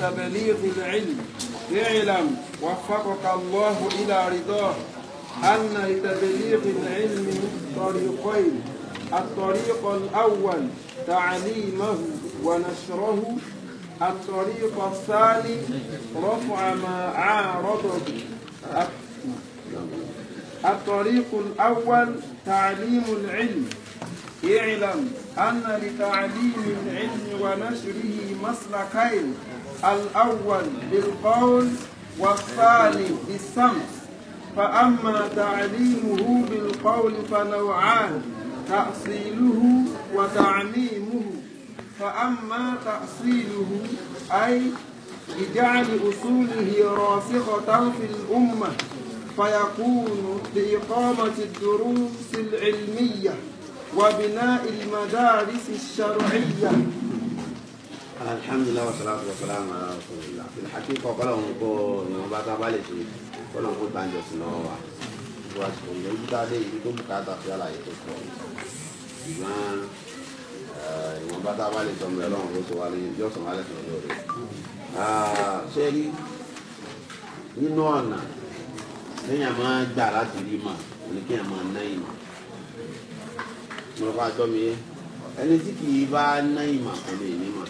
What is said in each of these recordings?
تبليغ العلم اعلم وفقك الله إلى رضاه أن لتبليغ العلم طريقين الطريق الأول تعليمه ونشره الطريق الثاني رفع ما عارضه الطريق الأول تعليم العلم اعلم أن لتعليم العلم ونشره مسلكين الأول بالقول والثاني بالسمع فأما تعليمه بالقول فنوعان تأصيله وتعميمه فأما تأصيله أي بجعل أصوله راسخة في الأمة فيكون بإقامة الدروس العلمية وبناء المدارس الشرعية alhamdulilayi wa salatu wa salamu ala rasulillah filhaki kọkọlọ ń kó ìwọnba tá a bá lè ṣe kọlọ ń kó gbàǹjọ sí lọ́wọ́ wa ìwọ àsìkò ń lọ ibi tá a dé ibi tó bùkátà fi àlàyé tó pọ̀ ṣùgbọ́n eh, ìwọnba tá a bá lè sọ mi ọlọ́run ló sọ wa lè yọ sọ wa lè sọ lórí. ṣé rí nínú ọ̀nà lẹ́yìn àmọ́ gbà láti rí mà ní kí àmọ́ ná ìmọ̀ mo kọ́ àjọ mi ẹni tí kì í bá ná ìmọ̀ kò lè ní mà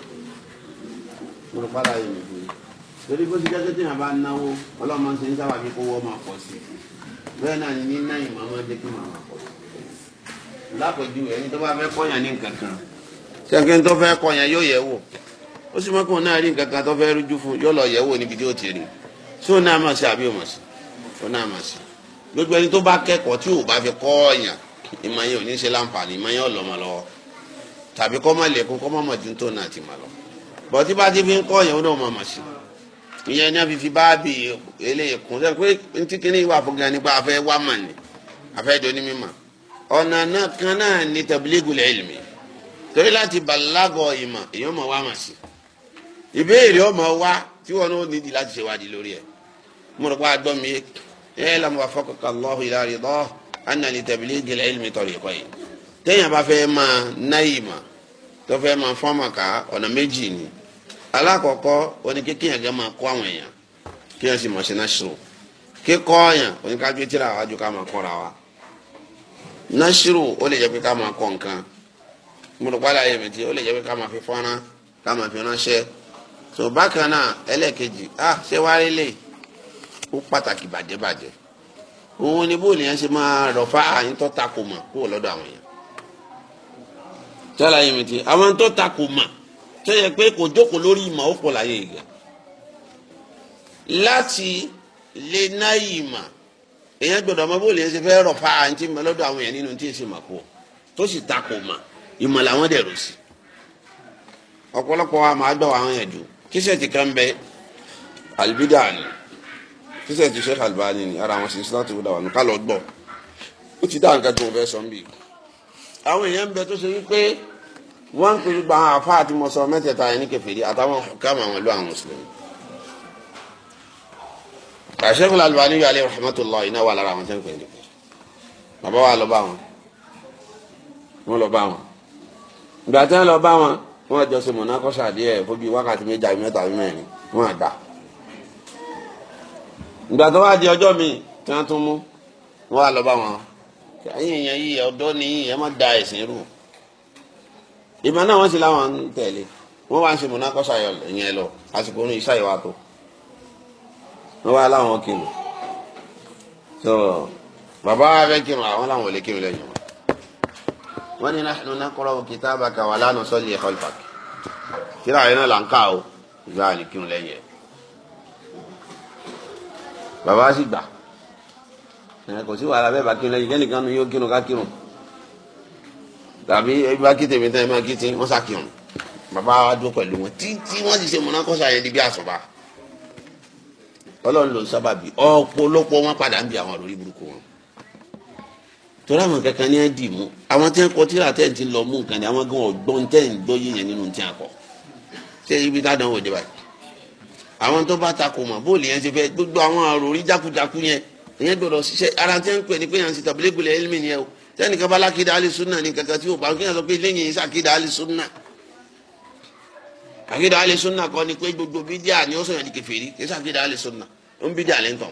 mo rò pàdà yìí nìkan torí bó ti jẹ́ pé téèyàn bá náwó ọlọ́mọ ṣe ń sábà bí kówó máa pọ̀ sí bẹ́ẹ̀ náà ni ní náà ìmọ̀ máa jẹ́ kí màmá pọ̀ lápẹ̀jù ẹni tó bá fẹ́ kọ́yàn ní nǹkan kan kẹ́kẹ́ tó fẹ́ kọ́yàn yóò yẹ̀ wò ó sì mọ́kàn náà rí nǹkan kan tó fẹ́ rújú fún yóò lọ yẹ̀ wò níbi tí ó ti rí tí ó náà mọ̀ sí àbí òmọ̀ sí ó náà mọ̀ sí gbogbo ẹni tó bá kẹ́kọ̀ọ́ tí ò bá fi kọ́yàn ìmọ̀ yẹn ò ní ṣe láǹfààní ìmọ̀ yẹn ò lọ́mọ lọ́wọ́ tàbí kọ́ má lẹ́kún kọ́ má mọ̀ ju tó náà ti mà lọ́wọ́. bọ̀tí bá ti fi ń kọ́ ìyàwó náà màmá sí ìyẹn ní àfífi báàbì eléyìí kún sẹ́ni pé ntí kínní wà fún gan nípa afẹ́ wá mà ní afẹ́ dóní ọ̀nà náà kan náà ní torí láti ìmọ̀ mọ̀ mà sí ìbéèrè ọmọ wa tí wọn nídìí láti lórí mo rò pé a gbọ́ mi téèyàn bá fẹ́ máa náyìí mà tó fẹ́ máa fọ́ọ̀mà ká ọ̀nà méjì ni alákọ̀ọ́kọ́ oní kékeré gẹ́gẹ́ máa kọ́ àwọn èèyàn kí si sì mọ̀ sí náṣírò kíkọ́ èèyàn oníkájú wa náṣírò ó lè jẹ́ pé ká máa kọ́ nǹkan mọ̀lùpàlà ayé ti o le fi fọ́nrán ká fi ránṣẹ́ tó so náà ẹlẹ́ẹ̀kejì á ṣé wá rí lè ó pàtàkì bàjẹ́ òun ni bóòlù yẹn ṣe máa rọ̀ àyín tó ta kò mọ̀ tó yẹ pé kò jókòó lórí ìmọ̀ ó pọ̀ láyé ìgbà láti lè ná ìmọ̀ èèyàn gbọ́dọ̀ ọmọ bóòlù ṣe fẹ́ rọ̀ fa àǹtí mi lọ́dọ̀ àwọn nínú tí èsì mà kú tó sì mà ìmọ̀ làwọn sí ọ̀pọ̀lọpọ̀ wa máa gbọ́ àwọn yẹn jù ti kan bẹ àlùbídà ni ti ara àwọn ká lọ gbọ́ ó ti dá nǹkan tó fẹ́ sọ ń bì àwọn èèyàn ń bẹ tó ṣe wípé wọ́n ń pèrè gba àfa àti mọ̀sọ̀ mẹ́tẹ̀ẹ̀ta yẹn ní kẹfìrí àtàwọn káàmù àwọn ìlú àwọn mùsùlùmí. àṣẹ́kùn Albani yóò alẹ́ rahmatullah iná wà lára àwọn tẹ́ ń pè ní. bàbá wa lọ bá wọn wọn lọ bá wọn ìgbà tí wọn lọ bá wọn wọn jọ sọ mọ̀nàkọ́sà díẹ̀ fóbi wákàtí méjì àbí mẹ́ta wọn àgbà. ìgbà tó wá di ọjọ́ mi tí wọ́n tún mú wọn lọ bá wọn. ẹ̀yin èèyàn yìí ọ̀dọ́ ni ẹ má da ẹ̀sìn rú ìmọ̀ náà wọ́n sì láwọn ń tẹ̀lé wọ́n wá ń ṣe mọ̀nàkọ́sọ yẹn lọ àsìkò orin iṣẹ́ ìwà tó wọ́n wá láwọn kírun tó bàbá wa fẹ́ kírun àwọn làwọn ò lè kírun lẹ́yìn wọn. wọ́n ní nahnu naqra'u kitabaka wa la nusalli khalfak kíra yẹn náà là ń ká o ìgbà àlè kírun lẹ́yìn ẹ̀ bàbá sì gbà kò sí wàhálà bẹ́ẹ̀ bá kírun lẹ́yìn kẹ́nìkan nu yóò kírun ká kírun tàbí ẹgbẹ́ akéde mi tán ẹgbẹ́ akéde wọ́n ṣàkíyàn bàbá wa dúró pẹ̀lú wọn títí wọ́n ti ṣe mọ̀nàkọ́sà yẹn di bí àsọ̀bà ọlọ́run ló ń sábàbí ọ̀pọ̀lọpọ̀ wọn padà ń bi àwọn àròrí burúkú wọn torí àwọn kankan ní ẹ dì mú àwọn tí wọn kọ tíra tẹ́ ń ti lọ mú nǹkan ni àwọn gan ọgbọ́n tẹ́ ń gbọ́ yíyan nínú tí wọn kọ ṣé ibi tá a dánwò dé báyìí àwọn tó bá takò mọ̀ bóòlù yẹn ti fẹ́ gbogbo àwọn àròrí jákujáku yẹn ìyẹn gbọdọ̀ ṣiṣẹ́ ara tí wọn pè ní pé yẹn ń ṣe tàbílẹ́gbẹ̀lẹ́ ẹlẹ́mì ni ẹ o tẹnìkan bá lákìdá alẹ́sùnà ni kankan tí o bá kíyàn sọ pé lẹ́yìn ìsàkìdá alẹ́sùnà àkìdá alẹ́sùnà kọ́ ni pé gbogbo bídíà ni ó sọ̀yàn di kèfèrí kì í sàkìdá alẹ́sùnà ó ń bídíà lẹ́ńtọ̀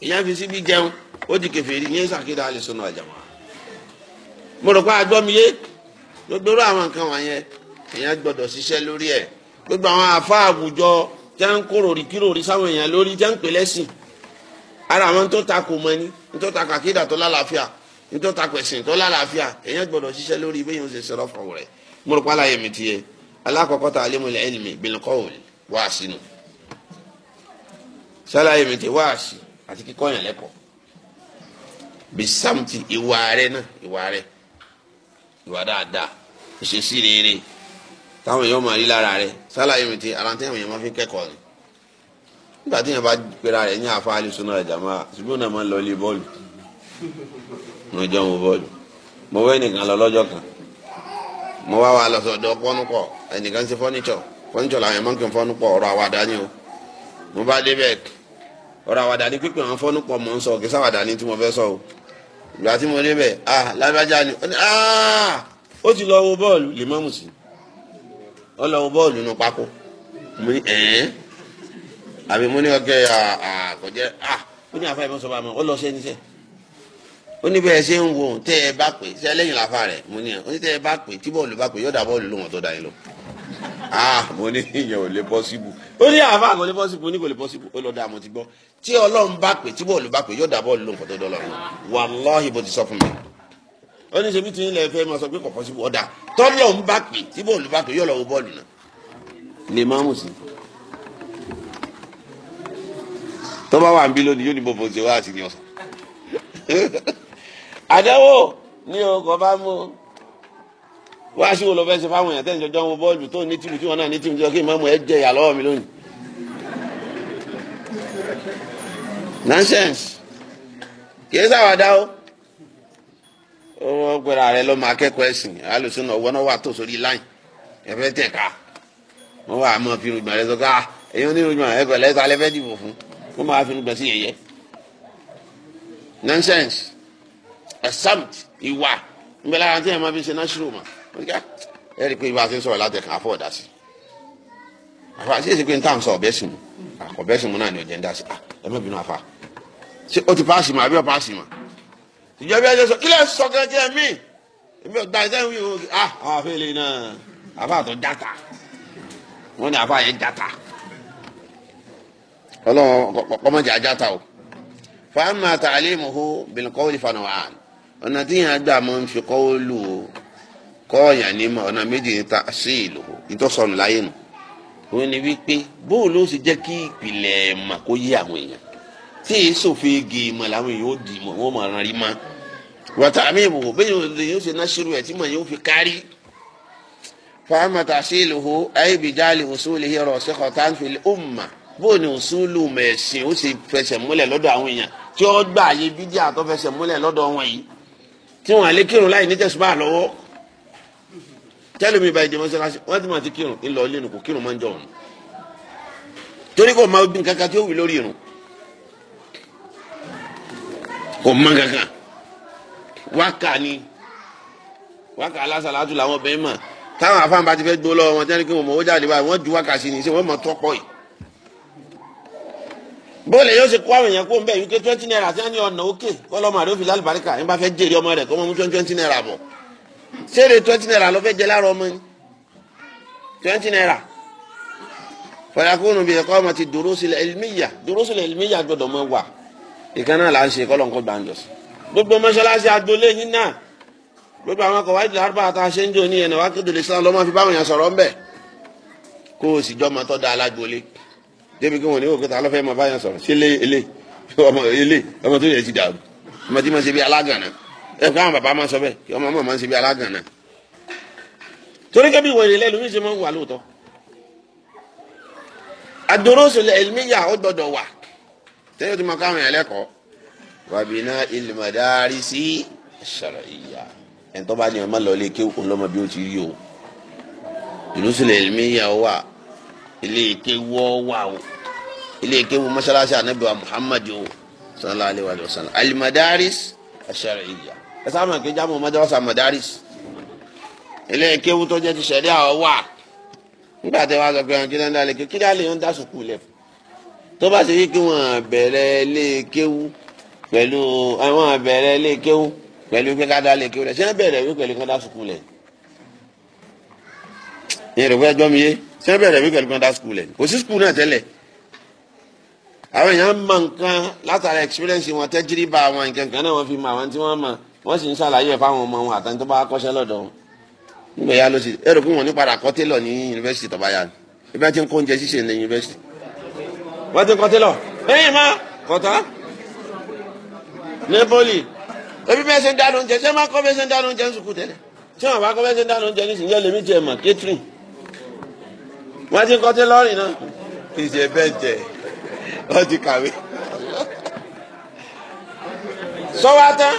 ìyá fi síbi jẹun ó di kèfèrí ní sàkìdá alẹ́sùnà àjàmọ́ mo rò pé àgbọ̀mìyé gbogbo àwọn nǹkan wọ̀nyẹn èèyàn gbọ́dọ̀ ṣiṣẹ́ lórí ẹ̀ gbogbo àwọn àfa àwùjọ tẹ́ ń kóròrí kíròrí sáwọn èèyàn lórí tẹ́ ń pè lẹ́sìn ara àwọn tó ta kò mọ ni nítorí takọ àkídà tó lálàáfíà nítorí takọ ẹ̀sìn tó lálàáfíà èèyàn gbọ́dọ̀ ṣiṣẹ́ lórí bí yóò ṣe sọ̀rọ̀ fún rẹ̀ mo rò pálá yẹmi tiẹ̀ alákọ̀ọ́kọ́ ta alimul ilmi bil qawl wáàsí nu sálàyé mi tiẹ̀ wáàsí àti kíkọ́ yẹn lẹ́kọ̀ọ́ bisamti ìwà rẹ̀ náà ìwà rẹ̀ ìwà dáadáa ìṣesí rere táwọn èèyàn máa rí lára rẹ̀ sálàyé mi tiẹ̀ àrántí àwọn èèyàn máa fi kẹ́kọ̀ọ́ nígbà tí yẹn bá pera rẹ̀ ní àfa àlùsùn náà ṣùgbọ́n náà máa ń lọ ilé bọ́ọ̀lù ní ọjọ́ bọ́ọ̀lù mo nìkan lọ lọ́jọ́ kan mo wá wa lọ sọ̀dọ̀ fọ́nùkọ̀ ẹnìkan ṣe fọ́nìṣọ̀ fọ́nìṣọ̀ làwọn ẹ̀mọ́ kan ni o mo bá ọ̀rọ̀ àwàdà ni pípẹ́ mọ̀ ń sọ kí sáwàdà ni tí mo o ìgbà tí mo ah ni ah, ó ti lọ wo bọ́ọ̀lù àbí mo ní ọkẹ́ àkọ́jẹ́ ó ní àfa ìbọn sọ́ba mi ó lọ sí ẹni sẹ́ ó ní bẹ́ẹ̀ ṣe ń wo tẹ́ ẹ bá pè ṣe lẹ́yìn láfa rẹ̀ mo ní ó ní tẹ́ ẹ bá pè tí bọ́ọ̀lù bá pè yóò dá bọ́ọ̀lù lóhùn tó dá yín lọ. mo ní ìyẹn ò lè pọ́síbù ó ní àfa kò lè pọ́síbù ní kò lè pọ́síbù ó lọ dá mo ti gbọ́ tí ọlọ́run bá pè tí bọ́ọ̀lù bá pè yóò dá bọ́ọ̀lù lóhùn tó dá lọ wàláhì bó ti sọ fún mi ó ní ṣebí tí ń lẹ fẹ́ máa sọ pé kò pọ́síbù ọ̀dà tọ́lọ́run bá pè tí bọ́ọ̀lù bá pè yóò lọ wo bọ́ọ̀lù náà lè má mú sí i tó bá wà ń bí lónìí yóò ní bòbò ṣe wá àti ní ọ̀sán. àdánwò ní ọkọ̀ bá mú wá sí olùfẹ́ ṣe fáwọn èèyàn tẹ́lẹ̀ jọjọ́ wọn bọ́ọ̀lù tó ní tìmù tí wọn náà ní tìmù tí wọn kí n máa mú ẹ jẹ ìyà lọ́wọ́ mi lónìí. nonsense kì í ṣàwàdà o ó pẹ̀lú ààrẹ lọ́mọ akẹ́kọ̀ọ́ ẹ̀sìn alùsùn ọ̀wọ́ náà wà tó sórí láyìn ẹ̀fẹ́ tẹ̀ ká wọ́n wà á mọ̀ fi rògbòmọ̀ rẹ sọ ká ah, ẹ̀yin onírògbòmọ̀ ẹ̀kọ́ lẹ́sọ̀ alẹ́ dìbò fún kó máa fi gbọ̀n sí nonsense except ìwà nbẹ lára tí ẹ máa fi ṣe náṣírò mà ẹ rí i pé ibà ti ń sọ̀rọ̀ láti ẹ̀ka afọ́ ọ̀dà sí àfa àti èsì pé n táwọn sọ ọ̀bẹ sí mu ọ̀bẹ sí mu náà ni ọ̀jẹ̀ ń dá sí ẹ má bínú àfa ṣé o ti paasi ma àbí o paasi ma ìjọba ẹjẹ sọ kílẹ̀ sọ̀kan jẹ́ mí èmi ọ̀gbà ẹ̀jẹ̀ ń wí o ah àwọn afẹ́lẹ́ náà àfa àtọ̀ dáta wọ́n ní àfa yẹn dáta ọlọ́run kọ́mọ́jà ajá ta o fàámà tàlímùhù bìlìkọ́wìlì fanawàn ọ̀nà tí yẹn gbà máa ń fi kọ́wọ́lù o kọ́ọ̀yàn ní ma ọ̀nà méjì ní ta sí ìlú ìtọ́sọ̀nù láyé nù òun ni wípé bóun ló sì jẹ́ kí ìpìlẹ̀ mà kó yé àwọn èèyàn tí èyí sòfin igi ìmọ̀ làwọn èèyàn ó di mọ̀ wọ́n mọ̀ ọ̀ràn rí ma wọ́tà àmì bẹ́ẹ̀ yóò ṣe náṣírù ẹ̀ tí mọ̀ yóò fi kárí fàámà tàṣílùhù ayébíjálì òṣùlẹ̀ yẹrọ ṣẹ́kọ̀ọ́ tá ń fi bóun ni òṣùlù mẹ̀sìn ó sì fẹsẹ̀ múlẹ̀ lọ́dọ̀ àwọn èèyàn tí ó gbà yé bídíà tó fẹsẹ̀ múlẹ̀ lọ́dọ̀ wọn yìí tí wọn àlé kírun láì ní tẹ̀sùbà lọ́wọ́ tẹ́lẹ̀mí báyìí dẹ́mọ́sálásí wọ́n ti máa ti kírun ńlọ ilé nù kò kírun máa ń jọ ọ̀run torí kò máa bí nǹkan tí ó wí lórí irun kò mọ kankan wákà ni wákà alásàlátù làwọn bẹ́ẹ̀ mọ̀ táwọn afáǹbá ti fẹ́ gbó lọ́wọ́ wọn tẹ́lẹ̀ kí wọn mọ̀ ó jáde báyìí wọ́n ju wákà sí ni ṣé wọ́n mọ̀ tọ́pọ̀ yìí bóòlù yóò ṣe kó àwọn èèyàn kó ń bẹ̀ wípé twenty naira tí wọ́n ní ọ̀nà òkè kọ́ lọ́mọ àdó fìlà àlùbáríkà yín bá fẹ́ jèrè ọmọ rẹ̀ kọ́ mọ́ mú twenty naira bọ̀ ṣéèrè twenty naira ló fẹ́ jẹ ọmọ yín twenty naira fọyàkùnù bíi ẹ̀kọ́ ọmọ ti dúró sílẹ̀ ẹlmíyà dúró sílẹ̀ ẹlmíyà gbọ́dọ̀ mọ́ wà ìkan náà là ń ṣe kọ́ lọ́nkọ́ gbàǹjọ́ sí gbogbo mọ́ṣáláṣí agboolé yín náà gbogbo àwọn ọkọ̀ wáyé lárúbá àti aṣẹ́ńjọ́ ní ẹ̀nà wákìtò lè sàn lọ́mọ́ fi báwọn yẹn sọ̀rọ̀ débi kí wọn ní òkúta alọ́fẹ́ máa bá yẹn sọ̀rọ̀ sí ilé ilé ọmọ ilé ọmọ tó yẹ ti dàrú ọmọ tí ma ṣe bí alágànná ẹ fún àwọn bàbá máa sọ bẹ́ẹ̀ kí ọmọ ọmọ máa ṣe bí alágànná. torí kẹ́bí ìwọ ìrìlẹ̀ lómi ṣe máa ń wà lóòótọ́ adorosul ilmiya ó gbọdọ̀ wà tẹ́lẹ̀ tó máa káwọn yẹn lẹ́kọ̀ọ́ wàbínà ilmadari sí shar'iyya ẹ̀ tó bá ní ọmọ lọ ilé kéwòn ó ti rí o dorosul ilmiya wà ilé ike wọ́ wà o ilé ike wọ́ mọ́ṣáláṣí anabi wa muhammadu o sallallahu alayhi wa sallam alimadaris ashar'iyya ẹ sábà máa ń kéjà mọ́ madrasa madaris ilé ike wọ́ tó jẹ́ ti sẹ̀rí àwọn wà nígbà tí wàá sọ pé àwọn kílẹ̀ ń dalẹ̀ kí kílẹ̀ àlẹ́ yóò ń dá sùkúù lẹ̀ tó bá ṣe yí kí wọ́n bẹ̀rẹ̀ ilé kéwú pẹ̀lú àwọn bẹ̀rẹ̀ ilé kéwú pẹ̀lú pé ká dá ilé kéwú lẹ̀ ṣé ń bẹ̀rẹ̀ wí pẹ̀lú ká dá sùkúù lẹ̀ yẹn rẹ̀ fẹ́ jọ́ mi yé ṣé wọ́n bẹ̀rẹ̀ mi pẹ̀lú kọ́ńdà skul ẹ̀ kò sí skul náà tẹ́lẹ̀ àwọn èèyàn mọ nǹkan látara experience wọn tẹ́jìrìbà àwọn nǹkan kan náà wọ́n fi mọ àwọn tí wọ́n mọ wọ́n sì ń ṣàlàyé ẹ̀ fáwọn ọmọ wọn àtàwọn tó bá kọ́ṣẹ́ lọ́dọ̀ wọn nígbà yá ló sì ẹ̀rọ fún wọn ní padà kọ́ télọ̀ ní yunifásitì tó bá yá ibi àti nǹkan oúnjẹ ṣíṣe ní yunifásitì wọ́n ti kọ́ télọ̀ ẹ̀yìn má kọ́tà nébólì ebi bẹ́ẹ̀ ń dáná oúnjẹ ṣé má kọ́ bẹ́ẹ̀ ń dáná oúnjẹ ń sùkú tẹ́lẹ̀ ṣé wọ́n ti ń kọ́ tí lọ́rìn náà kì í ṣe bẹ́ẹ̀ jẹ́ wọ́n ti kàwé. tán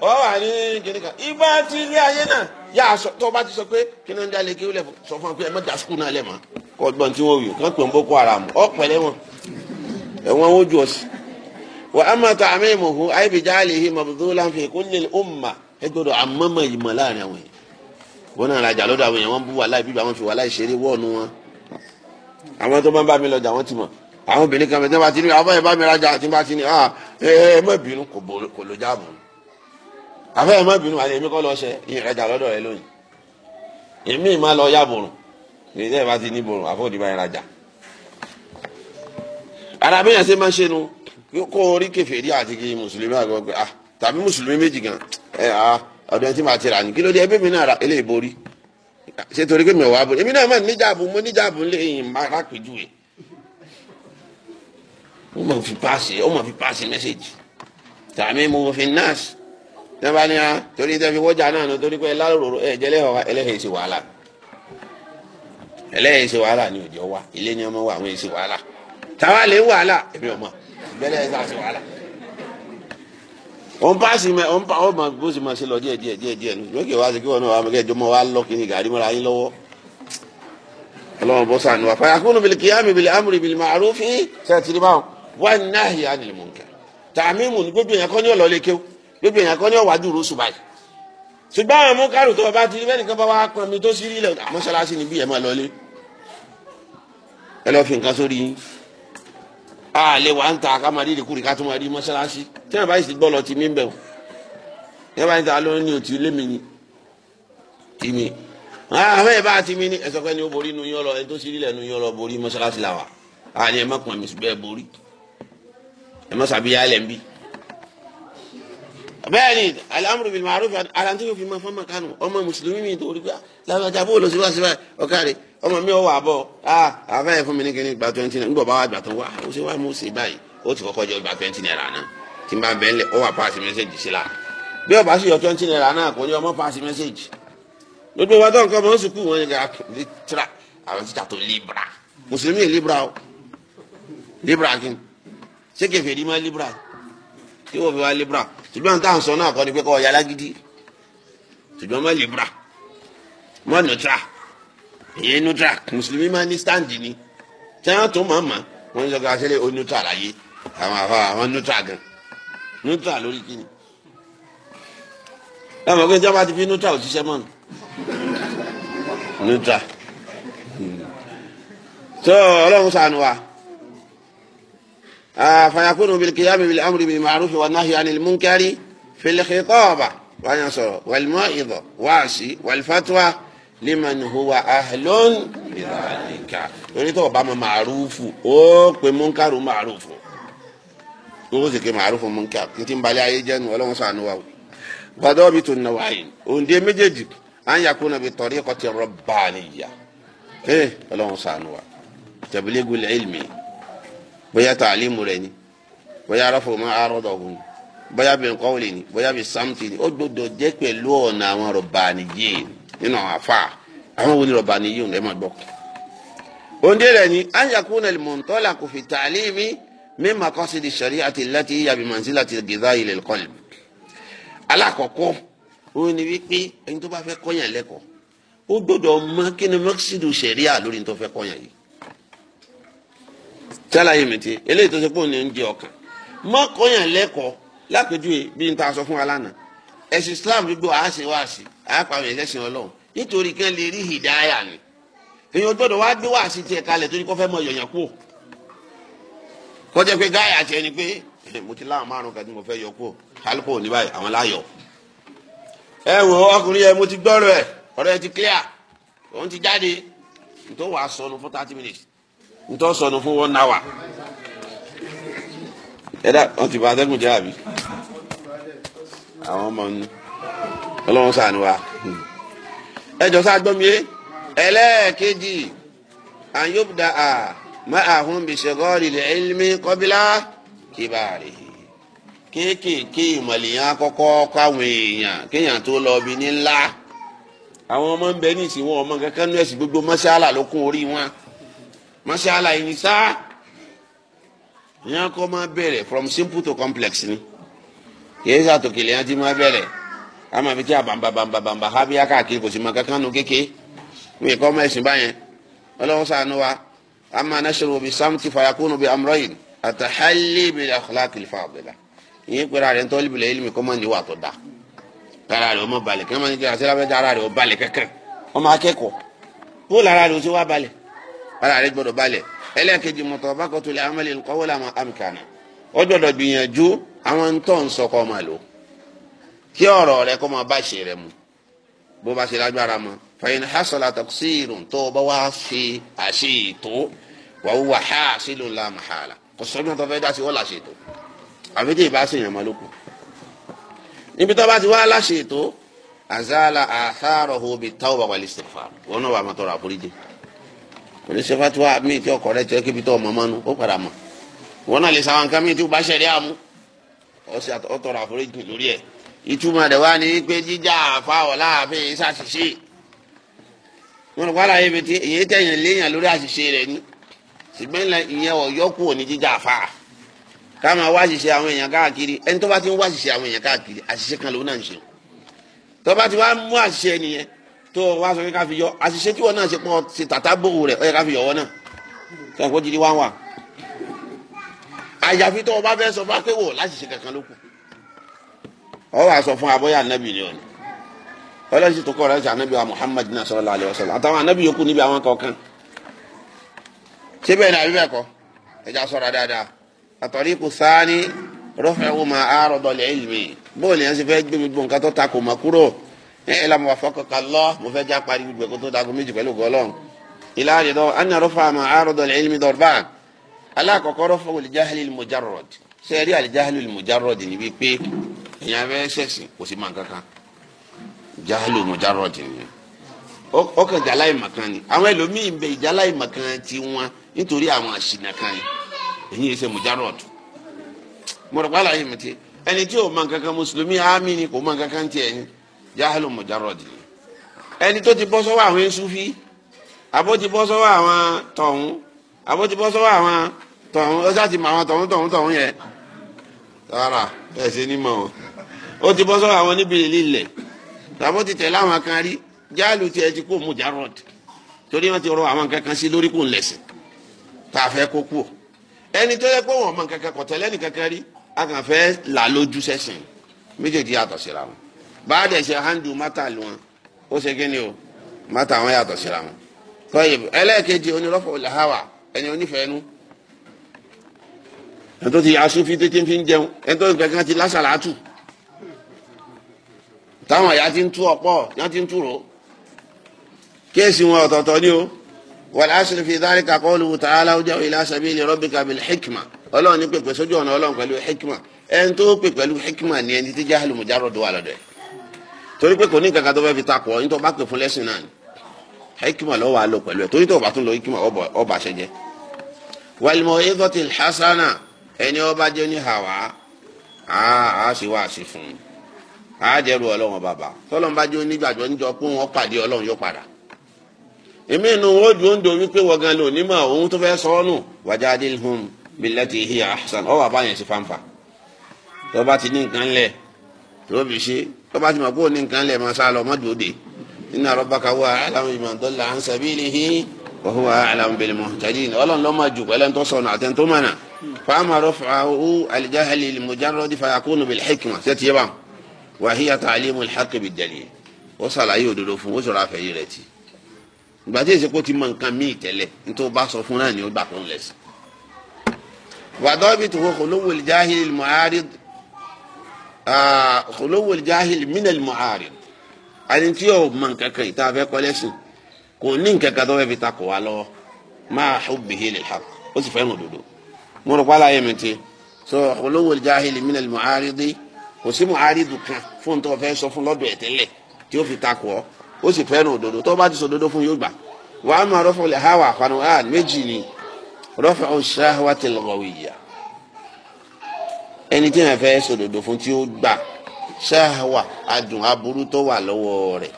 ọ wà ní kíní kan ti ilé ayé náà yà sọ tó bá ti sọ pé kí ló ń dalẹ̀ kí ó sọ fún wa pé ẹ má da skul náà lẹ̀ mọ́ gbọ́n tí wọ́n kán pè ń ọ pẹ̀lẹ́ wọn ẹ̀wọ̀n ó jù ọ wà á máa ta àmì àlè yìí kó lè ó mà ẹ gbọ́dọ̀ àmọ́mọ́ ìmọ̀ láàrin àwọn yìí wọn náà rajà lọ́dọ̀ àwọn wọn bú àwọn fi àwọn tó máa ń bá mi lọjà wọn ti mọ̀ àwọn obìnrin kan bẹ̀tẹ́ bá ti ní àwọn ẹ̀ bá mi rajà àti bá ti ní ah ẹ ẹ má bínú kò ló jáàmù àfẹ́ ẹ má bínú àti èmi kọ́ lọ ṣe ìyẹn rajà lọ́dọ̀ rẹ lónìí èmi má lọ yá bòrùn ìdílé bá ti ní bòrùn àfọ̀dì bá yẹn rajà. ara mi yàn ṣe máa ń ṣe nu kó orí kèfèrí àti kí mùsùlùmí àgbọ̀ ah tàbí mùsùlùmí méjì gan ẹ ah ọ̀dọ̀ ẹ ti máa ti rà ní kí ló dé ẹbí mi náà eléyìí borí ṣé torí pé mi ò wá bò èmi náà mà níjàbù mo níjàbù lè yìn má lápèjúwe ó mọ̀ fi paasi ó mọ̀ fi paasi mẹ́sẹ̀gì tààmì mo fi nọ́ọ̀sì ní a torí tẹ́ fi wọ́jà náà nù torí pé ẹláròrò ẹ jẹ́ lẹ́hìn ẹlẹ́hìn ṣe wàhálà ẹlẹ́hìn ṣe wàhálà ni òjò wa ilé ni ọmọ wa àwọn èsì wàhálà táwa lè ń wàhálà èmi ò ìgbẹ́lẹ́ ẹ̀ ṣe wàhálà òun paasi mẹ òun pa ọ ma bó sì ma ṣe lọ díẹ̀ díẹ̀ díẹ̀ díẹ̀ lókè wá sí kí wọn náà wà mẹkẹ jọmọ wa lọ kíni gàrí mọra yín lọ́wọ́ Ọlọ́run bọ sànù wa fayakunu bil qiyami bil amri bil ma'rufi sẹtiri báwọn wa nahyi anil munkar tààmìmù ní gbogbo èèyàn kọ́ ní ọ̀lọ́lẹ̀ kéw gbogbo èèyàn kọ́ ní ọ̀wájú rúṣù báyìí ṣùgbọ́n àwọn mọ́kàrù tó ọba ti rí bẹ́ẹ̀ nìkan bá wá pọn mi tó sí rí ilẹ̀ mọ́ṣáláṣí ni bí ẹ̀ máa lọlé ẹ lọ fi nǹkan sórí yín a lè wà ń ta ká máa rí ìdíkùrì ká tó máa rí mọ́ṣáláṣí tí wọn bá sì gbọ́ lọ ti mí bẹ̀ wọ́n yẹn bá ń ta ló ní òtí lémi ni tì mí ah, àwọn ẹ̀ bá ti mí ní ẹ̀sọ́ pé ni ó borí nu yín ọlọ ẹni tó sì rí lẹ́nu yín ọlọ borí mọ́ṣáláṣí làwà a ní ẹ má pọn mi bẹ́ẹ̀ borí ẹ má sàbíyá ẹ̀ lẹ́ ń bí. bẹ́ẹ̀ ni alamuru bil ma'ruf alanti yóò fi máa fọ́n máa kánú ọmọ mùsùlùmí mi tó rí ah, ọmọ mi ò wà bọ̀ ah fún mi ní gba twenty naira ń bọ̀ bá wà gbà tó wà ó ṣe wà mú sí báyìí ó ti kọkọ jẹ́ gba twenty naira náà tí n bá bẹ́ẹ̀ lẹ̀ ó wà pass la bí ọba sì yọ twenty naira náà kò ní ọmọ pass message gbogbo wa tó nǹkan mọ̀ ń wọn ni litra àwọn títà tó libra mùsùlùmí o libra kí ṣé di libra kí wọ́n fi wá libra ṣùgbọ́n táwọn sọ náà kọ́ ni pé kọ́ ọ yálà gidi ṣùgbọ́n má libra má nùtra. ìyẹn nutrak mùsùlùmí máa ní stáǹdì ni tí wọ́n tún máa mà wọ́n ń sọ́kà sílẹ̀ ó nutra láyé àwọn àfa àwọn nutra gan nutra lórí kíni. láwọn ọkùnrin tí wọ́n bá ti fi nutra ò ṣiṣẹ́ mọ́nu nutra tó ọlọ́run sànù wa fayakunu bilkiyami bil amri bil ma'rufi wa nahi anil munkari fil khitaba wàá yàn sọ̀rọ̀ wal mau'iza wa'si wal liman huwa ahlun bidhalika torí tó o bá mọ màrúfù ó pe múnkàrú màrúfù ó sì ké màrúfù múnkàrú ní ti ń balẹ̀ ayé jẹ́nu ọlọ́run sànú wa o gbàdọ́ bi tó nà wáyé òǹdé méjèèjì à ń yàkó nàbí tariqati rabbaniyya ee ọlọ́run sànú wa tabligul ilmi bóyá tàlímù rẹ ni bóyá rafu ma aradahu ni bóyá bil qawli ni bóyá bi samti ni ó gbọdọ̀ jẹ́ pẹ̀lú ọ̀nà àwọn rabbaniyyin nínú àwọn afa àwọn wo ni rọba ni yíyún ẹ máa gbọ́. oúnjẹ rẹ ni ayakun el montola kò fi tàlímì mímà kọ́ sí di sari àti láti yíyàbí mànsí láti gèdá ilẹ̀ kọ́lẹ̀. alákọ̀ọ́kọ́ òun ni wípé ẹni tó bá fẹ́ kọ́yàn lẹ́kọ̀ọ́ ó gbọ́dọ̀ mọ kí ni mọ́kísìdù sẹ̀ríà lórí tó fẹ́ kọ́yàn yìí. sálàyé mi ti eléyìí tó ṣe pé òun ni ń jẹ ọkàn mọ́kọ́yàn lẹ́kọ̀ọ́ lápèjúwe bí n ta sọ fún wa lánàá ẹ̀sìn islam gbogbo àá ṣe wá sí àá ọlọ́run nítorí kan lè rí ni eyi gbọ́dọ̀ wá gbé wá tiẹ̀ kalẹ̀ torí mọ yọ̀yàn kú kọjá pé gáyà tiẹ̀ ni pé mo ti láwọn márùn kan mo fẹ́ yọ kú kálípò ní báyìí àwọn láyọ̀ ẹ wò ọkùnrin yẹn mo ti gbọ́rọ̀ ẹ̀ ọ̀rọ̀ ẹ ti clear òun ti jáde nítorí wàá sọnù fún thirty minutes sọnù fún wọn ti àwọn ọmọ nu ọlọ́run sànù wa ẹjọ́ sá gbọ́ mi yé ẹlẹ́ẹ̀kejì àyọ̀bùdà à má àhún bìṣẹ̀gọ́rì lè ẹlẹ́mí kọ́bílá kíbàárì kéékèèké ìmọ̀lẹ́yìn akọ́kọ́ káwọn èèyàn kéèyàn tó lọ bí ní ńlá àwọn ọmọ ń bẹ ní ìsìn wọn ọmọ kankan nú ẹ̀sìn gbogbo mọ́ṣálà ló kún orí wọn mọ́ṣálà yìí ni ìyẹn kọ́ máa bẹ̀rẹ̀ from simple to complex ni kìí sàtòkè lẹ́yìn tí máa bẹ̀rẹ̀ ká máa fi kí àbàǹbà bàǹbà bàǹbà ha bíyà káàkiri kò sì máa kankan nu kéke wíì kọ́ ọmọ ẹ̀sìn báyẹn ọlọ́run sànú wa amma nashru bi samti fayakunu bi amrayn àtàhálì bi akhlaqil fadila ìyẹn pẹ̀lú àrẹ ntọ́lì bìlẹ̀ ilmi kọ́ máa níwà tó da kára rẹ̀ ọmọ balẹ̀ kí wọ́n máa ní kí àṣẹ àwọn ń tọ́ ń sọkọ ọmọ lò kí ọ̀rọ̀ rẹ kó máa bá ṣe rẹ mu bó bá ṣe lágbára mọ́ fẹ̀yìn hasola tọ́sírùn tó o bá wá ṣe àṣe wà ó wà ha sílùú la màhàlà kò sọ́gbọ́n tó fẹ́ dá sí wọ́n là ṣe ètò àfi tí ìbá ṣèyàn mọ́ lóko níbi tó bá ti wá láṣẹ ètò azala àtàrọ̀hó bi tawba wal istighfar wọn náà wà á máa tọrọ àforíjì kò ní ṣe fatiwa mi tí ọkọ rẹ tiẹ kébi tó ọmọ mọ́nu ó padà mọ́ wọn náà lè sàwọn nǹkan mi tí ó bá ṣẹlẹ̀ àmú ọtọrọ àforíjì lórí ẹ ìtumọ̀ rẹ̀ wá ní pé jíjà àfa ọ̀la àfi ṣàṣìṣe wọn kọ́ àlàyé mi ti èyí tẹ̀yìn léèyàn lórí àṣìṣe rẹ̀ ni ṣùgbọ́n ìyẹn ọ̀yọ́ kù ní jíjà àfa ká máa wá àṣìṣe àwọn èèyàn káàkiri ẹni tó bá ti ń wá àṣìṣe àwọn èèyàn káàkiri àṣìṣe kan lòun náà ń ṣe tó bá ti wá mú àṣìṣe nìyẹn tó wá sọ pé ká fi yọ àṣìṣe tí wọn náà ṣe pọ́n ṣe tàtà bòwò rẹ̀ ó yẹ ká fi yọ wọn náà tó yẹ kó jírí wá wà àyàfi tó o bá fẹ́ sọ fún akéwò láti ṣe kankan ló kù ọ wàá sọ fún abọ́yà anabi ni ọ̀nà ọlọ́sìn tó kọ́ ọ̀rẹ́ sí anabi wa muhammad náà sallallahu alaihi wasallam àtàwọn anabi yòókù níbi àwọn kọ̀ọ̀kan síbẹ̀ ní àbíbẹ̀ kọ́ ẹja sọ̀rọ̀ dáadáa àtọ̀rí kò sáání rọ́fẹ̀wò máa àárọ̀ dọ̀lẹ̀ ìlmi bóòlù yẹn sì fẹ́ gbé gbogbo nǹkan tó ta kò mọ̀ kúrò ní ìlànà àfọkànkan lọ alákọ̀ọ́kọ́rọ́ fún olùjáhìlì mujarrad ṣe rí alìjáhìlì mujarrad ni wípé èèyàn fẹ́ ṣẹ̀sìn kò sí máa kankan jáhìlì mujarrad ni ó kàn jálá ìmọ̀kan ni àwọn ẹlòmíì ń bẹ ìjálá ìmọ̀kan ti wọn nítorí àwọn àṣìnà kan ni èyí ṣe mujarrad mo rò pàlà yìí mi ti ẹni tí ò máa kankan mùsùlùmí àmì ni kò máa kankan tiẹ̀ ni jáhìlì mujarrad ni ẹni tó ti bọ́ sọ́wọ́ àwọn Sufi àbó ti bọ́ sọ́wọ́ àwọn tọ̀hún àbó ti bọ́ sọ́wọ́ àwọn tọ̀hún ó sáà ti mọ àwọn tọ̀hún tọ̀hún tọ̀hún yẹn rárá ẹ̀ ṣe ní mọ̀ wọn ó ti bọ́ sọ́rọ̀ àwọn níbi lílẹ̀ tàbó ti tẹ̀lé àwọn kan rí jáàlù tiẹ̀ ti kó mujarrad torí wọn ti rọ àwọn kankan sí lórí kò ń lẹ̀sìn tá a fẹ́ kó kú ẹni tó yẹ pé wọn mọ kankan kò tẹ̀lé ní kankan rí a kàn fẹ́ là lójú sẹ́sìn méjèèjì yàtọ̀ síra wọn bá a dẹ̀ ṣe handu mátà lù wọn ó ṣe kíni o mata wọn yàtọ̀ síra wọn. tọ́yìn ẹlẹ́ẹ̀kejì onírọ́fọ̀ làhàwà ẹni onífẹ̀ẹ́nu ẹni tó ti yà sófin tètè fi ń jẹun ẹni tó kankan ti lásàlátù táwọn ìyá ti ń tú ọ̀pọ̀ yẹn ti ń túrò kéèsì wọn ọ̀tọ̀ọ̀tọ̀ ni o wal asri fi dhalika qawluhu ta'ala ud'u ila sabili rabbika bil hikma ọlọ́run ní pèpè sójú ọ̀nà ọlọ́run pẹ̀lú hikma ẹni tó pè pẹ̀lú hikma ni ẹni tí jahlu mujarrad wà lọ́dọ̀ ẹ̀ torí pé kò ní kankan tó fẹ́ fi takọ̀ ọ́ nítorí bá pè fún lẹ́sìn náà ni hikma lọ́ wà lọ pẹ̀lú ẹ̀ torí tó bá tún lọ hikma ọba ṣẹjẹ. wal maw'izati al hasana ẹni ọba jẹ́ ní hàwá a ṣe wá sí fún un a jẹ́rù ọlọ́run bàbá tọ́lọ́n bá jẹ́ onígbàgbọ́ níjọ pé wọ́n pàdé ọlọ́run yóò padà èmi inú wọn dùn ún dorí pé wọ́n gan lò nímọ̀ ohun tó fẹ́ sọ ọ́ nù wajadilhum billati hiya ahsan ọ̀ wà báyẹn sí fanfa tó bá ti ní nǹkan lẹ̀ tó fi ṣe tó ti mọ̀ pé ò ní nǹkan lẹ̀ máa sá lọ òde inna rabbaka huwa a'lamu biman dalla an sabilihi wa huwa a'lamu bil muhtadin ọlọ́run ló máa jù pẹ́lẹ́ ń tó sọnù àtẹ́ńtó فأما رفعه الجهل المجرد فيكون بالحكمة ستيبا وهي تعليم الحق بالدليل وصل أيه دلوف وصل في يرتي gbàtí èsì kò ti mọ nǹkan míì tẹ́lẹ̀ nítorí bá sọ fún náà ni ó gbà kó ń lẹ̀ sí. wàdọ́bì tó kòlówó ìjáhìl muharid ah, kòlówó ìjáhìl mínàl muharid àti tí yóò mọ nǹkan kan ìta fẹ́ kọ́ lẹ́sìn kò ní nǹkan kan tó fẹ́ fi ta kò wá lọ́wọ́ máa hubbihi lil haqq ó sì fẹ́ràn òdodo mo rò pálá yẹ so olówó jahili mina lè mọ àrídì kò sí mọ àrídù kan fún tó fẹ́ sọ fún lọ́dọ̀ ẹ̀ tẹ́lẹ̀ tí ó fi takò ọ́ ó sì fẹ́ràn òdodo tó bá ti sọ òdodo fún yóò gbà wàá máa rọ́fọ̀ lè háwà àpanu á méjì ni rọ́fọ̀ ṣáwá ti lọ́wọ́ ìyá ẹni tí wọn fẹ́ sọ òdodo fún tí ó gbà ṣáwà adùn aburú tó wà lọ́wọ́ rẹ̀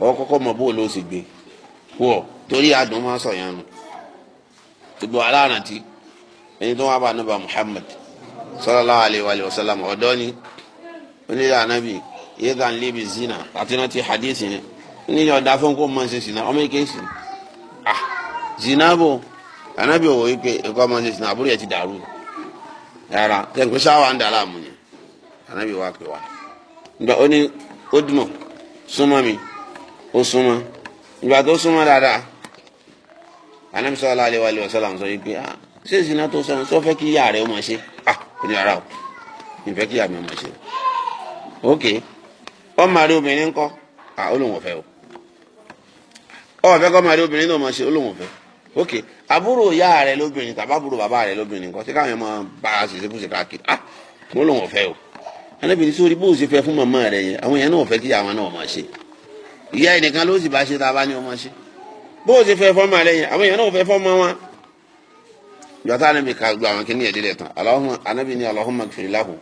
ọ kọ́kọ́ mọ bó ló sì gbé wọ torí adùn máa sọ̀yàn nù gbogbo aláàrántí ẹni tó wá bá anábà Muhammad sallallahu alayhi wa sallam ọ̀dọ́ ni onílé anábì yéga zina àti ti hadith ni onílé ọ̀dà fún kó máa zina ah zina bò anábì o yìí pé ẹ̀kọ́ máa ṣe zina ya ti daru yara kẹ́ńkú sáwà ń dàlá àmúyẹ anábì wà anabi wà nígbà ó mi ó sallallahu alayhi wa sallam ṣé ìsìnà tó sọ sọ fẹ́ kí ìyá rẹ̀ ọmọ ṣe ah kò ní ara o ìfẹ́ kí ìyá mi ọmọ ṣe o ok ọmọ àrí obìnrin ńkọ́ ah ó lóun ọ̀fẹ́ o ọ̀fẹ́ kọ́ ọmọ àrí obìnrin náà ọmọ ṣe ó lóun ok àbúrò ìyá rẹ̀ lóbìnrin tàbí àbúrò bàbá rẹ̀ lóbìnrin ńkọ́ ṣé káwọn ọmọ bá a ṣe ṣekúṣe káàkiri ah ó lóun ọ̀fẹ́ o anábìrin sórí bó o ṣe fẹ́ fún màmá rẹ̀ yẹn àwọn yẹn náà ọ̀fẹ́ kí àwọn náà ọmọ ṣe ìyá ẹnìkan ló sì bá ṣe tá a bá ní ọmọ ṣe bó o ṣe fẹ́ fọ́mọ rẹ̀ yẹn àwọn yẹn náà ọ̀fẹ́ fọ́mọ wọn jọta anabi ka gbọ àwọn kìnìyẹ dídẹ tán alahuma anabi ni alahuma firilahu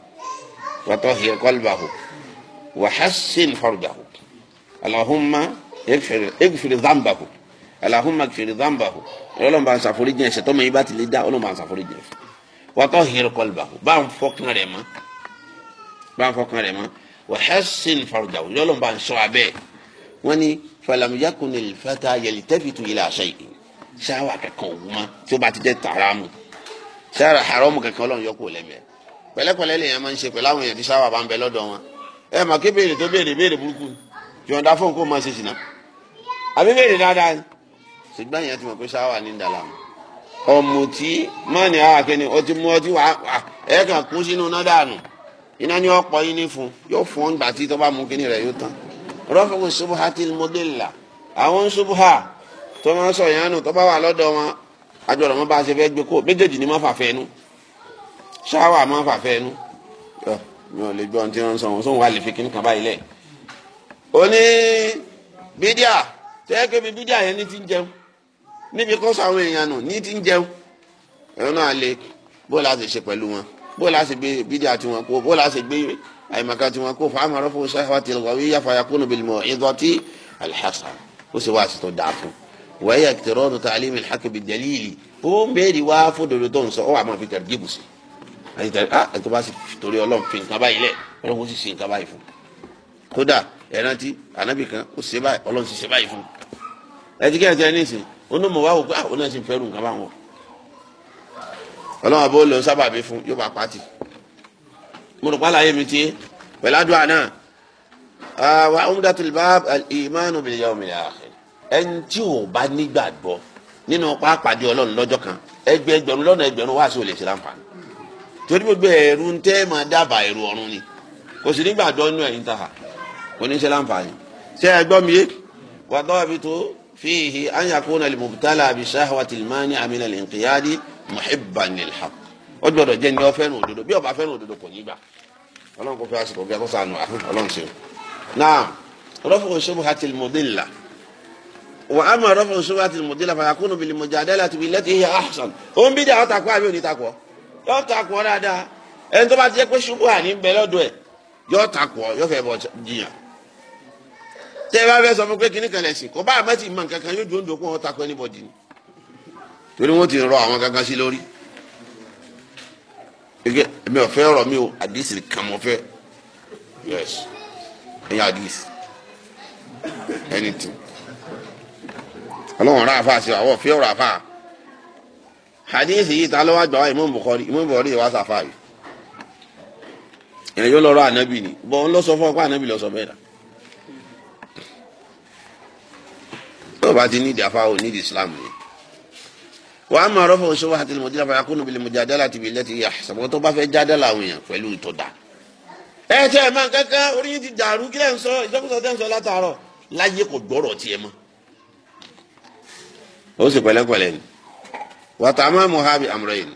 watahhir qalbahu wa hassin farjahu alahuma egfiri zambahu alahuma egfiri zambahu ọlọ́run bá ń ṣàforíjì ẹ̀ṣẹ̀ tọ́mọ yìí bá ti lè dá ọlọ́run bá ń ṣàforíjì ẹ̀ṣẹ̀ watahhir qalbahu bá ń fọkàn rẹ̀ mọ́ bá ń fọkàn rẹ̀ mọ́ wa hassin farjahu ọlọ́run bá ń ṣọ́ abẹ́ wọn fata yaltafitu ila shay'in ṣáwà kankan òun mọ́ tí ó bá ti jẹ́ tààràmù ṣáwà haramu kankan ọlọ́run yọkù lẹ́mẹ̀ pẹ̀lẹ́pẹ̀lẹ́ lèèyàn máa ń ṣe pẹ̀lú àwọn èèyàn tí ṣáwà bá ń bẹ lọ́dọ̀ wọn ẹ mà ké béèrè tó béèrè béèrè burúkú yọ̀ǹda fóun kó máa ṣe ṣìnà àbí béèrè dáadáa ṣùgbọ́n èèyàn ti mọ̀ pé ṣáwà ní ìdàlámù ọ̀mùtí mọ́ni àkẹ́ni ah, ó ti mú ọtí wà á ẹ kàn kún sínú náà iná ni ọ̀pọ̀ yín ní fún yóò fún ọgbà tí tó bá mú kíní rẹ̀ yóò tán rọ́fíkù subuhatil mudilla àwọn subuha tó máa sọ yẹn nù tó bá wà lọ́dọ̀ wọn àjọrò mọ́ bá a ṣe fẹ́ gbé kó méjèèjì ni mọ́ fàfẹ́ nu ṣáwà mọ́ fàfẹ́ nu mi ò lè gbọ́ ohun tí wọ́n ń sọ wọn sóhun wà lè fi kíní kan báyìí lẹ̀. ó ní bídíà tẹ́ẹ̀kẹ́ mi bídíà yẹn ní ti ń jẹun níbi kọ́ sọ àwọn èèyàn nù ní ti ń jẹun ẹ̀rọ náà le bó la ṣe ṣe pẹ̀lú wọn bó la ṣe gbé bídíà tiwọn kó bó la ṣe gbé àyèmàkà tiwọn kó fàámà rọ́fọ̀ sáwà tìlọ̀wá wíyá fàyà kúnnù bìlìmọ̀ ìdọ̀tí alhassan ó sì wá àṣìṣe dáa fún un wàyà tẹ̀rọ̀dù tàlímì hakimi dẹ́líìlì ó ń béèrè wá fódodo tó ń sọ ọ wà máa fi tẹ̀rẹ̀ jíìbù sí àti tẹ̀rẹ̀ ah ẹ̀ka bá sì torí ọlọ́run fi nǹkan báyìí lẹ̀ ọlọ́run sì ṣe nǹkan báyìí fún kódà ẹ̀rántí ànábì kan ó ṣe báyìí ọlọ́run sì ṣe báyìí fún ẹtí kí ẹtí ẹni sìn onímọ̀ wá wò pé ah onáà sì ń fẹ́rù nǹkan báwọn ọlọ́run àbó lòún sábàbí fún yóò bá pàtì mo rò pàlàyé mi tiẹ́ pẹ̀lú àdúrà náà ah, wa umdatul bab al-imanu bil yawmil akhir ẹni tí ò bá nígbàgbọ́ nínú pápádé ọlọ́run lọ́jọ́ kan ẹgbẹ́ ẹgbẹ̀rún lọ́nà ẹgbẹ̀rún wá sí ò lè ṣe láǹfààní torí gbogbo ẹ̀rù ń tẹ́ máa dábàá ẹ̀rù ọ̀run ni kò sì nígbàgbọ́ nínú ẹ̀yìn tàhà kò ní ṣe láǹfààní ṣé ẹ gbọ́ mi yé wàtọ́wà fi tó fíhì anyakuna limubtala abisahawati limani amina linkiyadi muhibbanil haq ó gbọ́dọ̀ jẹ́ ní ó fẹ́ràn òdodo bí ó bá fẹ́ràn òdodo kò ní gbà ọlọ́run kò fẹ́ àsìkò gẹ́gọ́ sànù àfihàn ọlọ́run ṣe o náà rọ́fọ̀ ṣubuhatil mudilla وأما رفع صورة المدلة فيكون بالمجادلة بالتي هي أحسن òun bí dàá takọ àbí òní takọ yóò takọ dáadáa ẹni tó bá ti jẹ́ pé ṣubú àní bẹ lọ́dọ̀ ẹ̀ yóò takọ yóò fẹ́ bọ jiyàn tẹ ẹ bá fẹ́ sọ fún pé kíní kan lẹsìn kó bá àmọ́ ti mọ nǹkan kan yóò dúró dòkun ọ̀hún takọ ẹni bọ̀dì ni torí wọ́n ti rọ àwọn kankan sí lórí ege mi ò fẹ́ rọ mi o àdìsí kan mo fẹ́ yes ẹ̀yin àdìsí anything ọlọ́run ra àfa àṣewà wọ́n fi ọ̀rọ̀ àfa hadithi yìí ta ló wá gbà wá Imam Bukhari Imam Bukhari yìí wá sàfà yìí ìrìn yóò lọ́rọ̀ ànábì ni bọ́ ń lọ sọ fún ọ pé ànábì lọ sọ bẹ́ẹ̀ dà tó o bá ti nídìí àfa o nídìí Islam ni wà á máa rọ́fọ̀ oṣù wàhátì lèmọ̀dé làfà yakúnú bìlẹ̀ mujadala ti bìlẹ̀ ti yà sàmọ́ tó bá fẹ́ jádàlà àwọn èèyàn pẹ̀lú tó ẹ tẹ́ ẹ máa kankan orí ti dàrú kílẹ̀ ń sọ ìjọkùsọ̀ tẹ́ ń sọ látàárọ̀ láyé kò gbọ́rọ̀ tiẹ̀ mọ́ ó sì pẹ̀lẹ́pẹ̀lẹ́ ni wàtà máa mú hábi amúrẹ́yìn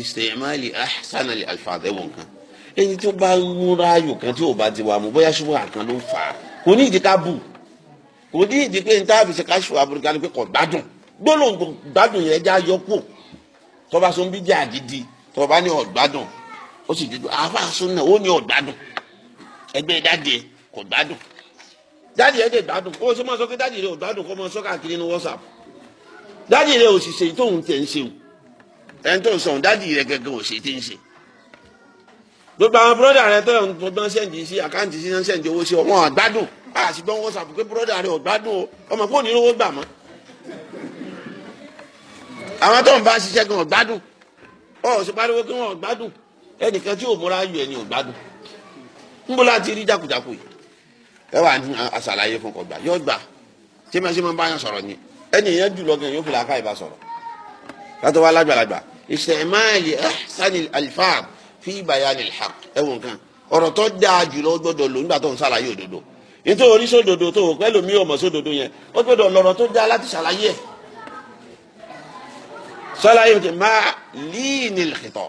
ìsèmálì àṣánà lè àlùfáàdé wọn kan ẹni tó bá múra ayò kan tí ò bá ti wà mú bóyá ṣubú àkàn ló fà á kò ní ìdí ká bù kò ní ìdí pé níta àbíṣe ká ṣù àbúrò kan pé kò gbádùn gbólóhùn gbádùn yẹn já yọ kù tọba sọ ń bí jẹ àdídì tọba ní ọgbádùn ó sì dúdú àáfà sọ náà ó ní ọgbádùn ẹgbẹ́ dáadé kò gbádùn dáadé ẹ̀ dẹ̀ gbádùn ó sì máa sọ pé dáadé rẹ̀ ò gbádùn kó máa sọ káàkiri ní wọ́sàpù dádì rẹ ò sì ṣe tóun tẹ̀ ń ṣe o ẹni tó ń sọ̀hún dádì rẹ gẹ́gẹ́ ò ṣe tí ń ṣe. gbogbo àwọn búrọ́dà rẹ tó ń gbọ́n sẹ́ǹdì sí àkáǹtì sí náà sẹ́ǹdì owó sí ọmọ àgbádùn àṣìgbọ́n wọn sàbò pé búrọ́dà rẹ ọ̀gbádùn o ọmọ kò ní owó gbà mọ́. àwọn tó ń bá ṣiṣẹ́ gan ọ̀gbádùn ọ̀ ṣe pariwo kí wọ́n ọ̀gbádùn ẹnìkan tí ò yọ ẹni ọ̀gbádùn ńbó láti rí jákujàku yìí ẹ wà ní àṣàlàyé fún kọgbà yọ gbà tí màá ṣe máa bá yàn sọ̀rọ̀ ni ẹni yẹn jùlọ gan yóò fi làákà ìbá sọ̀rọ̀ látọ̀ wá lágbàlagbà ìsẹ̀máàlì ẹ̀sán alifam fi bayani alhaq ẹ̀wọ̀n kan ọ̀rọ̀ tó dáa jùlọ gbọ́dọ̀ lò nígbà tó ń ṣàlàyé òdodo nítorí oníṣòdodo tó wò pẹ́lú mi ò mọ̀ sódodo yẹn ó gbọ́dọ̀ lọ́rọ̀ tó dáa láti ṣàlàyé ẹ̀ ṣàlàyé ti máa líìnì ìlẹ̀kìtọ̀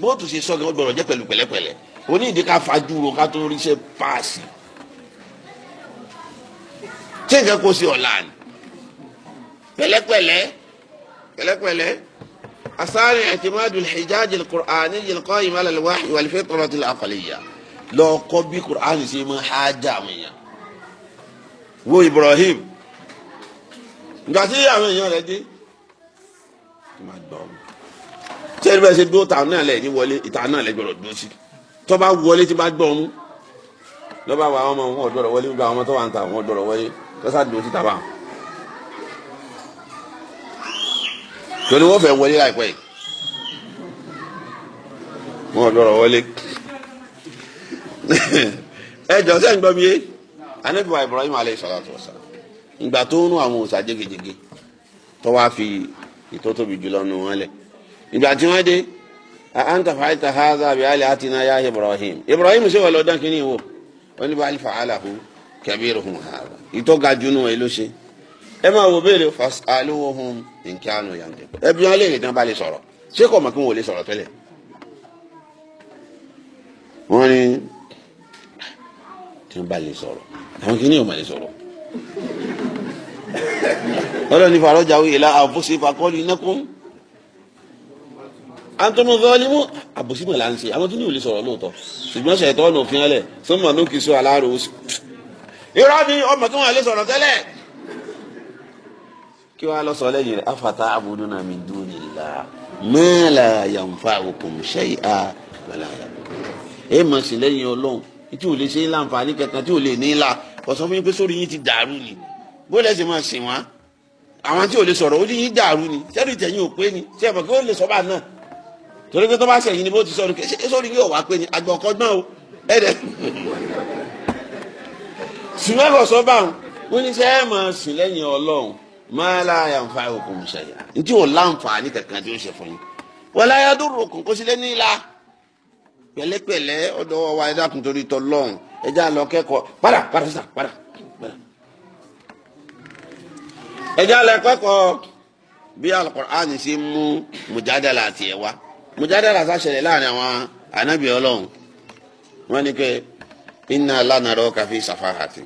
bó tún ṣe sọ́gun ó gbọ́dọ̀ jẹ́ pẹ̀lú pẹ̀lẹ́pẹ̀lẹ́ oní ìdí ká fajúro ká tó ríṣẹ́ páàsì tí nǹkan kó sí ọ̀la ni pẹ̀lẹ́pẹ̀lẹ́ pẹ̀lẹ́pẹ̀lẹ́ asaani ẹtimaadu hijaaji qur'aani yilkọ imala alwaahi walife tọrọti akọliya lọọkọ bi qur'aani ṣe ma haaja amanya wo ibrahim gbàtí àwọn èèyàn rẹ̀ dé ṣé ẹni bẹ́ẹ̀ ṣe dúró tàn náà lẹ̀ ní wọlé ìtàn náà lẹ̀ gbọ́dọ̀ dúró sí tọ́ba wọlé tí bá gbọ́ ọmú lọ́ba wà àwọn ọmọ wọn ọ̀dọ́rọ̀ ta àwọn ọ̀dọ́rọ̀ wọlé kọ́sá dúró sí tàbá torí wọ́n fẹ́ wọlé láìpẹ́ yìí wọ́n lọ́rọ̀ wọlé ẹ jọ sẹ́yìn gbọ́ mi yé anabiwa Ibrahim aleyhi salatu wa salam ìgbà tó ń rún àwọn òòsà jégejège tó wá fi ìtótóbi jùlọ wọn ìgbà tí dé anta bi alihatina ya Ibrahim Ibrahim ṣe wà lọ́dọ̀ kínní wò wọ́n ní bá alifa ẹ máa wo béèrè fas alóhùn nkíánu yàǹdẹ ẹbí wọn lè nìkan bá lè sọ̀rọ̀ ṣé kò mọ̀ kí wọn ò lè sọ̀rọ̀ tẹ́lẹ̀ wọn ni tí wọn bá lè sọ̀rọ̀ àwọn kìíní yóò máa lè sọ̀rọ̀ ọlọ́ni fàrọ́jà wí ìlà àbúṣe fàkọ́lì nẹ́kún antono zọ́ọ́límù àbúṣe mọ̀ là ń ṣe àwọn kìíní ò lè sọ̀rọ̀ lóòótọ́ ṣùgbọ́n ṣètò ọ̀nà òfin ẹlẹ̀ sọ́mọ̀ ló kì sọ aláàrò ó irọ́ mi ọmọ tí wọ́n lè sọ̀rọ̀ tẹ́lẹ̀ kí wàá lọ sọ lẹ́yìn rẹ̀ afata abuduna min dunillah ma la yanfa'ukum shay'a wala yadurrukum ẹ mọ̀ sí lẹ́yìn ọlọ́run tí ò lè ṣe láǹfààní kankan tí ò lè ní la ọ̀sán fún yín pé sórí yín ti dàrú ni bó lẹ́sẹ̀ máa sìn wá àwọn tí ò lè sọ̀rọ̀ ó ní yín dàrú ni sẹ́rù ìtẹ̀yìn ò pé ni sẹ́rù ìmọ̀ kí ó lè sọ bá náà torí pé tó bá sẹ̀yìn ni bó ti sọ̀rọ̀ ṣé sórí yóò wá pé ni àgbà ọkọ gbọ́n o ẹ dẹ̀ sùn mẹ́kọ̀ọ́ sọ báwọn ó ní sẹ́ẹ̀ máa sìn lẹ́yìn ọlọ́run mọ́lá yànfà òkun ya ntí o n'i kankan tí o ṣe fún yín wọlé ayádúró òkun la sílé nílá o ọ̀dọ̀ wa ẹ̀dá kun torí tọ́ si mujadala wa mujadala Ọlọ́run wọn ni pé inna lanaraka fi safahati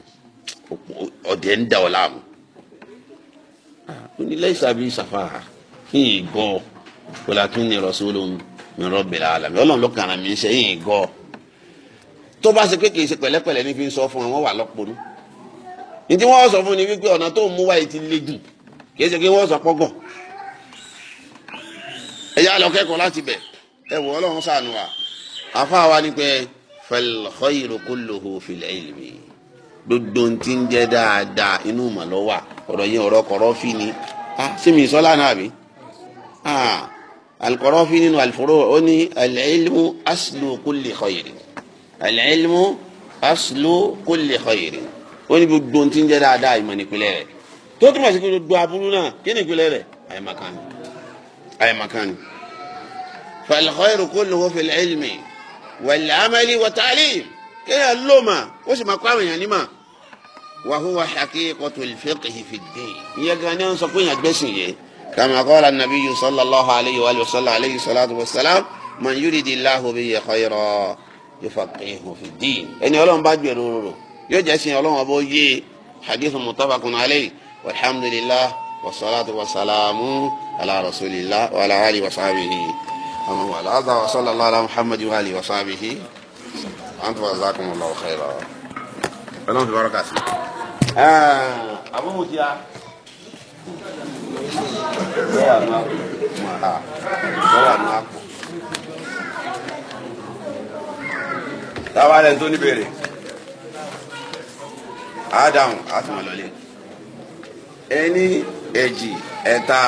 onílẹ̀ ìsàbí ìsàfà yín ìgọ́ kòlákín ní rọ̀ṣọ́lù mi rọ́bìlà àlàmì ọlọ́run ló kàrà mí ṣe yín ìgọ́ tó bá ṣe pé kì í ṣe pẹ̀lẹ́pẹ̀lẹ́ ní fi ń sọ fún wọn wà lọ́pọ̀lú ní tí wọ́n sọ fún ni wípé ọ̀nà tó ń mú wáyé ti le jù kì í ṣe pé wọ́n sọ pọ́gọ̀ ẹ̀yà lọ kẹ́kọ̀ọ́ láti bẹ̀ ẹ wò ọlọ́run ṣàánú wa àfa ni pé fal khayru kulluhu fil ilmi gbogbo ń ti ń jẹ́ dáadáa inú mọ̀ ló wà ọ̀rọ̀ yẹn ọ̀rọ̀ kọ̀rọ̀fì ni ṣé mi sọ́lá náà bí alikọ̀rọ̀fì nínú aliforo ó ní al-ilmu aslu kulli khayri al-ilmu aslu kulli khayri ó ní gbogbo ń ti ń jẹ́ dáadáa ìmọ̀ nípìnlẹ̀ rẹ̀ tó túmọ̀ sí gbogbo aburú náà kí ni ìpìnlẹ̀ àyèmàkánì àyèmàkánì fal khayru kulluhu fil ilmi wal amali wa kéèyàn lò mà ó sì máa kó àwọn èèyàn ní mà wa huwa haqiqatul fiqhi fid din. ìyẹn gan ni wọ́n sọ pé èèyàn gbẹ́sìn yẹ. kama qala an-nabiyyu sallallahu alayhi wa sallam alayhi salatu wa salam man yuridillahu bihi khayran yufaqihu fid din. ẹni ọlọ́run bá gbèrò rò yóò jẹ́ sin ọlọ́run ọba yé hadith muttafaqun alayhi walhamdulillah والصلاة والسلام على رسول الله وعلى آله وصحبه ومن والاه وصلى الله على محمد وآله وصحبه antu wa zakum allah khaira ọlọ́run fi bọ́rọ̀ kà sí. àbúrò ti a. bọ́wà náà kò bọ́wà náà kò. táwa lẹ́nu tó ní bèrè ádámù àtùmọ̀lọ́lé ẹni èjì ẹ̀ta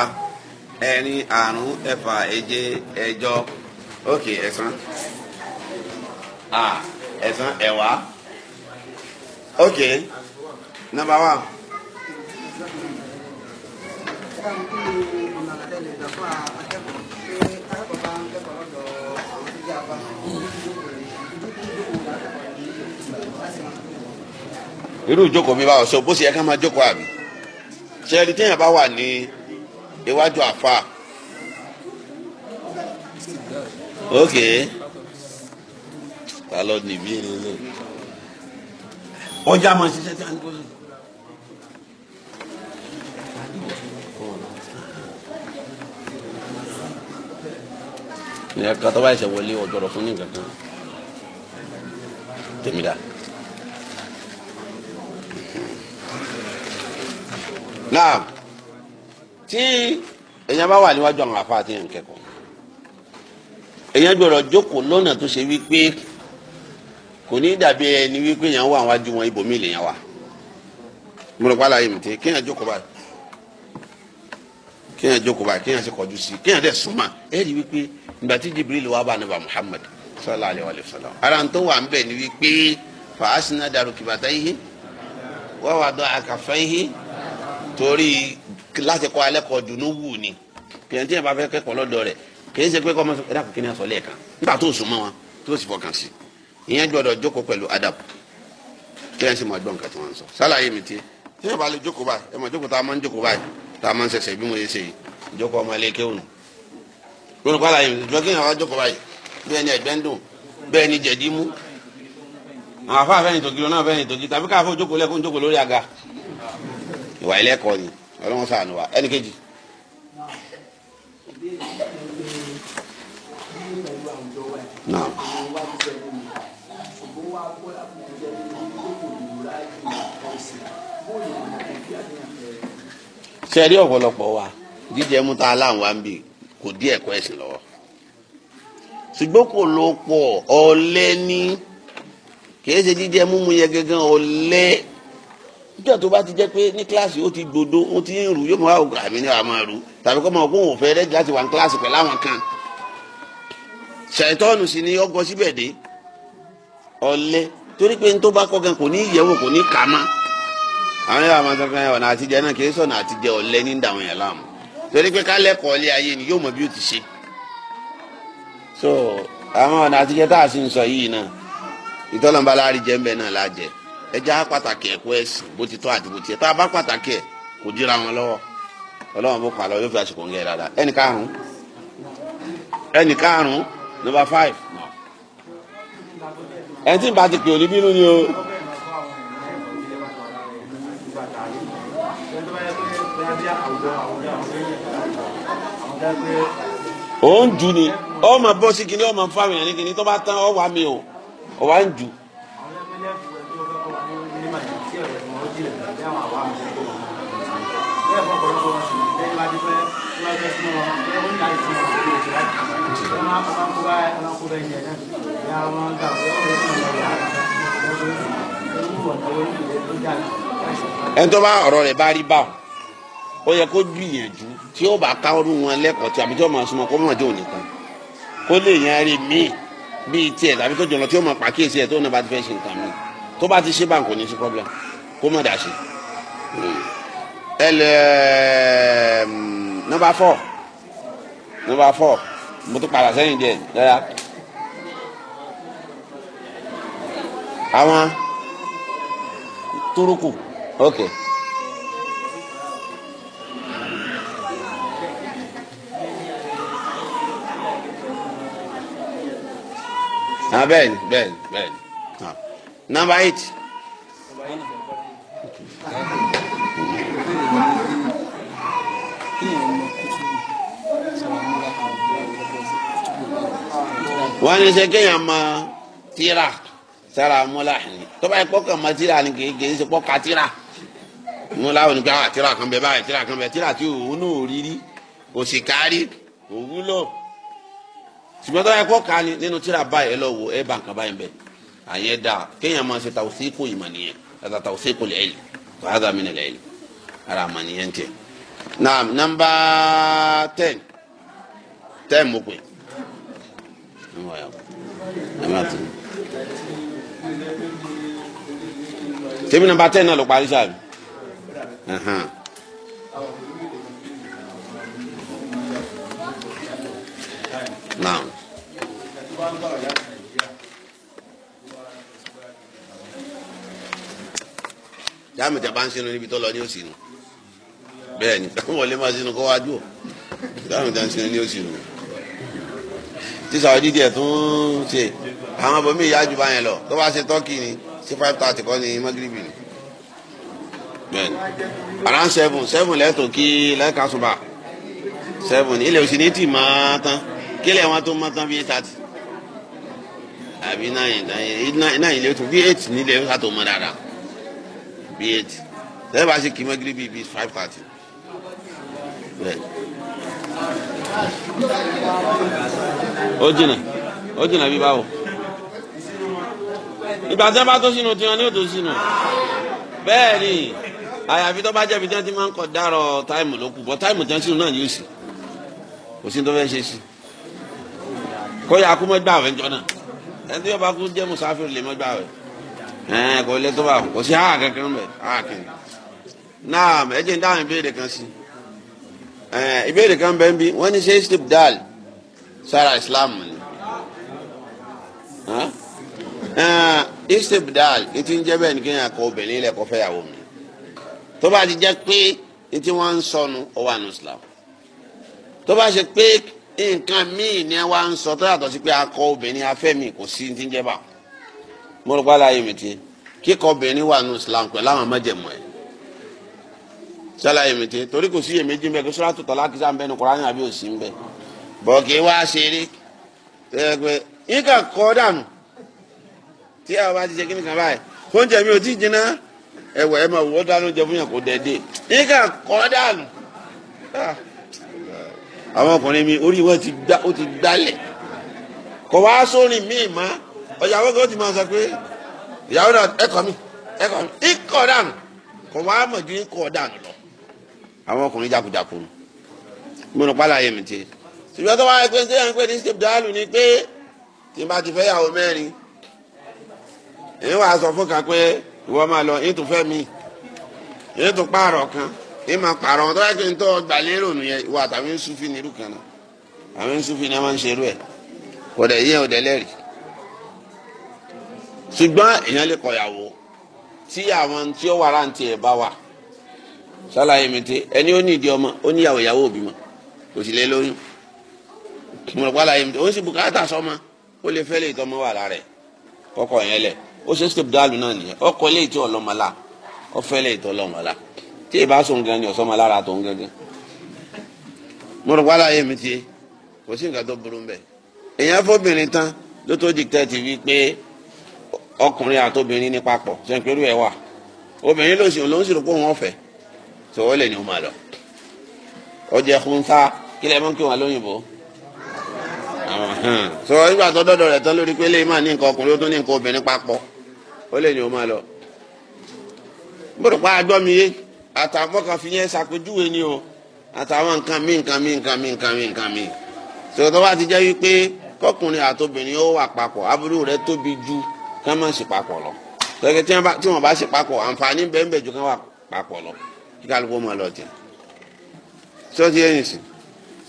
ẹni àrún ẹ̀fà èje ẹ̀jọ ókè ẹ̀sán. Ah ẹ̀sán ẹ̀wá ok number one. irú ìjókòó mi báwo so bó ṣe yẹ ká máa jókòó àbí ṣe ẹni téèyàn bá wà ní iwájú àfa ok. okay ta lọ ní ìbéèrè lè ọjà máa ṣiṣẹ́ tí a ń gbọ́ sí. ìyá kan tó bá ṣe wọlé ọ̀dọ̀rọ̀ fún nìkan kan tèmi dá. náà tí èèyàn bá wà níwájú àwọn afáàtì yẹn kẹ́kọ̀ọ́ èèyàn gbọ́dọ̀ jókòó lọ́nà tó ṣe wípé. kò ní dàbí ẹni wípé ya wà wájú wọn ibòmí lè yẹn wà mo rò pàlàyé kéèyàn jókòó báyìí kéèyàn jókòó báyìí kéèyàn sì kọjú sí kéèyàn dẹ̀ súnmọ́ ẹ rí wípé nígbà tí Jibril wà bá Muhammad sallallahu alayhi wa sallam ara ń tó wà ń ni wípé fàásìnà dàrú kìbàtà yìí wọ́n wà dán àkàfẹ́ yìí torí láti kọ́ alẹ́ kọ́ wù ni kéèyàn tí yẹn bá fẹ́ kẹ́kọ̀ọ́ lọ́dọ̀ rẹ̀ kéèyàn kọ́ kéèyàn sọ lẹ́ẹ̀kan nígbà tó sùn mọ́ wọn tó sì fọkàn sí ìyẹn gbọ́dọ̀ jókòó pẹ̀lú adab kí ẹ sì máa gbọ́ nǹkan tí wọ́n sọ sálàyé mi ti tí yóò bá lè jókòó báyìí ẹ mọ̀ jókòó tá a máa ń jókòó báyìí tá a máa ń sẹ̀sẹ̀ bí mo ṣe ṣe yìí ọmọ ilé kéwòn lórí pàlà yìí ìjọ kí èèyàn wá báyìí bẹ́ẹ̀ ni ẹ̀gbẹ́ ń dùn bẹ́ẹ̀ ni jẹ̀dí mú àwọn afá fẹ́yìn tògì náà fẹ́yìn tògì tàbí káfó jókòó lẹ́kùn jókòó lórí àga ìwà ilẹ́kọ̀ọ́ ni ọlọ́run sẹ́rí ọ̀pọ̀lọpọ̀ wa jíjẹ mú ta aláǹwá ń bì kò dí ẹ̀kọ́ ẹ̀sìn lọ́wọ́ ṣùgbọ́n kò ló pọ̀ ọ̀lẹ́ ní kìí ṣe jíjẹ múmu yẹ gangan ọ̀lẹ́ nígbà tó bá ti jẹ́ pé ní kíláàsì ó ti gbọ́dọ̀ ó ti ń rù yóò mọ àwọn àmì ní àwọn àrù tàbí kọ́ mọ kó òun fẹ́ rẹ́jì láti wà ní kíláàsì pẹ̀lú àwọn kan ṣàìtọ́nù sì ni ọgọ́ síbẹ̀ dé ọ̀lẹ́ torí pé ní tó bá kọ́ gan kò ní ìyẹ̀wò kò ní kà á máa àwọn yóò ọ̀nà àtijọ́ náà kì í sọ̀nà àtijọ́ ní yẹn láàmú lé ni yóò mọ bí ó ti ṣe. so àwọn ọ̀nà àtijọ́ tá a sì ń sọ yìí náà ìtọ́lọ́mbà láàrí jẹ́ ńbẹ náà la ẹ já pàtàkì ẹ̀kọ́ ẹ̀sìn bó ti tọ́ àti bó ti tá a bá pàtàkì ẹ̀ kò jíra wọn lọ́wọ́ ọlọ́wọ́n bó yóò fi àsìkò ń ó ń jù ni ọmọ bọ́ sí kinní ọmọ fáwọn èèyàn ní kinní tó bá tán ọ wà mí o ọ wà ń jù. ẹni tó bá ọ̀rọ̀ rẹ̀ bá rí báwọn ó yẹ kó gbìyànjú tí ó bá kárún wọn lẹ́kọ̀ọ́ tí àbí tí ó máa súnmọ́ kó mọ̀ jẹ́ òní kan kó lè yan rí míì bíi tiẹ̀ tàbí tó jọlọ tí ó máa pàkíyèsí ẹ̀ tó náà bá ti fẹ́ ṣe nǹkan mi tó bá ti ṣe bá nǹkan ní sí problem kó mọ̀ dà sí. ẹlẹ nọ́mbà fọ nọ́mbà fọ mo tún padà sẹ́yìn díẹ̀ dáadáa. àwọn turuku okay. Ah, bẹ́ẹ̀ni bẹ́ẹ̀ni bẹ́ẹ̀ni ah. number eight. wọ́n ní sẹ́ kéèyàn mọ tíra sára múlá ni tó bá yẹ kọ́kàn mọ tíra ni kì í kì í ṣe kọ́ka tíra múlá ò ní ká tíra kan bẹ báyìí tíra kan bẹ tíra tí òun náà rí rí kò sì kárí òwúlò ṣùgbọ́n tó yẹ kó kà á ní nínú tíra báyìí ẹ lọ wo ẹ bá nǹkan báyìí bẹ àyẹ dá kéèyàn máa ṣe tàwùsíkò ìmọ̀ nìyẹn ẹ̀ta tàwùsíkò lẹ́yìn tó hádà mí nílẹ̀ yìí ara àmà nìyẹn tiẹ̀. naam nọ́mbà ten ten mo pè tèmi nọ́mbà ten náà ló parí sáà. Naam. jáàmù tí a bá ń sinú níbi tó lọ ní òsì nù bẹ́ẹ̀ ni táwọn wọlé máa sinú kó wájú o jáàmù tí a ń sinú ní òsì nù tíṣà òdìdí ẹ̀ tún ṣe àwọn abomi ìyá ju báyẹn lọ tó bá ṣe tọ́kì ni sí five thirty kọ́ ni magrebi ni bẹ́ẹ̀ ni around seven seven lẹ́tọ̀ọ́ kí lẹ́ka seven ilẹ̀ òsì ní tì máa tán kílẹ̀ wọn tó mọ́ tán bí eight thirty àbí nine nine ilé tó bí eight nílé ó sàtó mọ́ dáadáa bí eight tẹ́lẹ̀ bá ṣe kì í bíi bíi five thirty. ó jìnnà ó jìnnà bí báwo ìgbà tí wọn bá tó sínú tí wọn ní òtò sínú bẹ́ẹ̀ ni àyàfi tó bá jẹ̀bi tí wọn ti máa ń kọ dárọ táìmù lókù bọ táìmù tí wọn sínú náà yóò sì kò sí tó fẹ́ ṣe sí i kó yà kú mọ́ gbà wẹ̀ jọ náà ẹni tí yóò bá kú jẹ́ musafir lè mọ́ gbà wẹ̀ ẹ̀ kò lè tó bá kò sí háà kankan bẹ̀ háà kìnnì náà ẹ jẹ́ ń dáhùn ìbéèrè kan sí ìbéèrè kan bẹ́ẹ̀ bí wọ́n ní ṣe istibdal sára islam ni istibdal etí ń jẹ́ bẹ́ẹ̀ ni kí n yà kọ obìnrin ilẹ̀ kọ́ fẹ́yàwó mi tó bá ti jẹ́ pé etí wọ́n ń sọnù ó wà islam tó bá ṣe pé nǹkan míì ni wa ń sọ tó yàtọ̀ sí pé akọ obìnrin afẹ́mi kò sí ti ń jẹ́ bá mo rò pálá yìí mi ti kíkọ obìnrin wà nù Islam pẹ̀lú àwọn ọmọdéjẹmọ ẹ̀ sálàyé mi ti torí kò sí iyèméjì ń tó tọ́lá kí sáà ń a bá ti kí nìkan báyìí mi ò tí ì jiná ẹ̀ máa wọ́ fún yàn kó àwọn ọkùnrin mi orí wọn ti gbá ó ti gbálẹ̀ kò wá sórin míì má ọjà wọn kò ti máa sọ pé ìyàwó náà ẹkọ mi ẹkọ mi ikọ dànù kò wá mọ̀ ju ikọ dànù lọ àwọn ọkùnrin jákujáku mo nù pálá yẹn mi tiẹ̀ ṣùgbọ́n tó wá pé ṣé à ń pè ní steve dalu ni pé tí n bá ti fẹ́ yàwó mẹ́rin èyí sọ fún kan pé ìwọ máa lọ èyí fẹ́ mi èyí pààrọ̀ kan ní ma pààrọ̀ wọn tó yẹ kí n tọ́ gbà lérò nìyẹn ìwọ àtàwọn ń sunfin ní irú kan náà àwọn ń sunfin ní a máa ń ṣe irú ẹ̀ kò dẹ̀ yíyan ọ̀dẹ̀ lẹ́rì ṣùgbọ́n èèyàn lè kọ̀yàwó tí àwọn tí ó wà láǹtí ẹ̀ bá wà ṣàlàyé mi ti ẹni ó ní ìdí ọmọ ó níyàwó ìyàwó òbí mọ kò sì lè lóyún mo rò pé mi ti ó sì bùkátà sọmọ ó lè fẹ́ lè tọmọ wà lára ẹ̀ kọ́kọ́ yẹn lẹ̀ ó ṣe step dálù náà nìyẹn ọkọ̀ lè tí ọlọ́mọlá ọ fẹ́ lè tọ́ ọlọ́mọlá tí ì bá sùn gan ni ọ̀sán máa lára tó ń gangan mo rò wálá yé mi tiẹ̀ kò sí nǹkan tó burú mbẹ èèyàn fóbìnrin tán ló tó dìtẹ́ ti wí pé ọkùnrin àtobìnrin ní papọ̀ sẹ́ńpẹ́rú ẹ̀ wà obìnrin ló sì ló ń sì rò pé òun ọ̀fẹ́ tó wọlé ni ó máa lọ ọjà kúńtà kí lè mọ kí wọn lóyìnbó sọ nígbà tó dọ́dọ̀ rẹ̀ tán lórí pé lè má ní nǹkan ọkùnrin ó tún ní nǹkan obìnrin papọ̀ ó lè ní ó máa lọ. mo rò pé a gbọ́ mi yé àtàwọn kan fi yẹn ṣàpèjúwe ni o àtàwọn nǹkan mí nǹkan mí nǹkan mí nǹkan mí nǹkan mí sọ̀rọ̀ tó bá ti jẹ́ wípé kọkùnrin àtobìnrin ó wà papọ̀ aburú rẹ̀ tóbi ju ká má sì papọ̀ lọ tọ́kẹ́ tí wọ́n bá sì papọ̀ àǹfààní bẹ́ẹ̀ bẹ́ẹ̀ ju ká wà papọ̀ lọ kí kálukú máa lọ jẹ sọ́ọ́tì ẹ̀yìn sí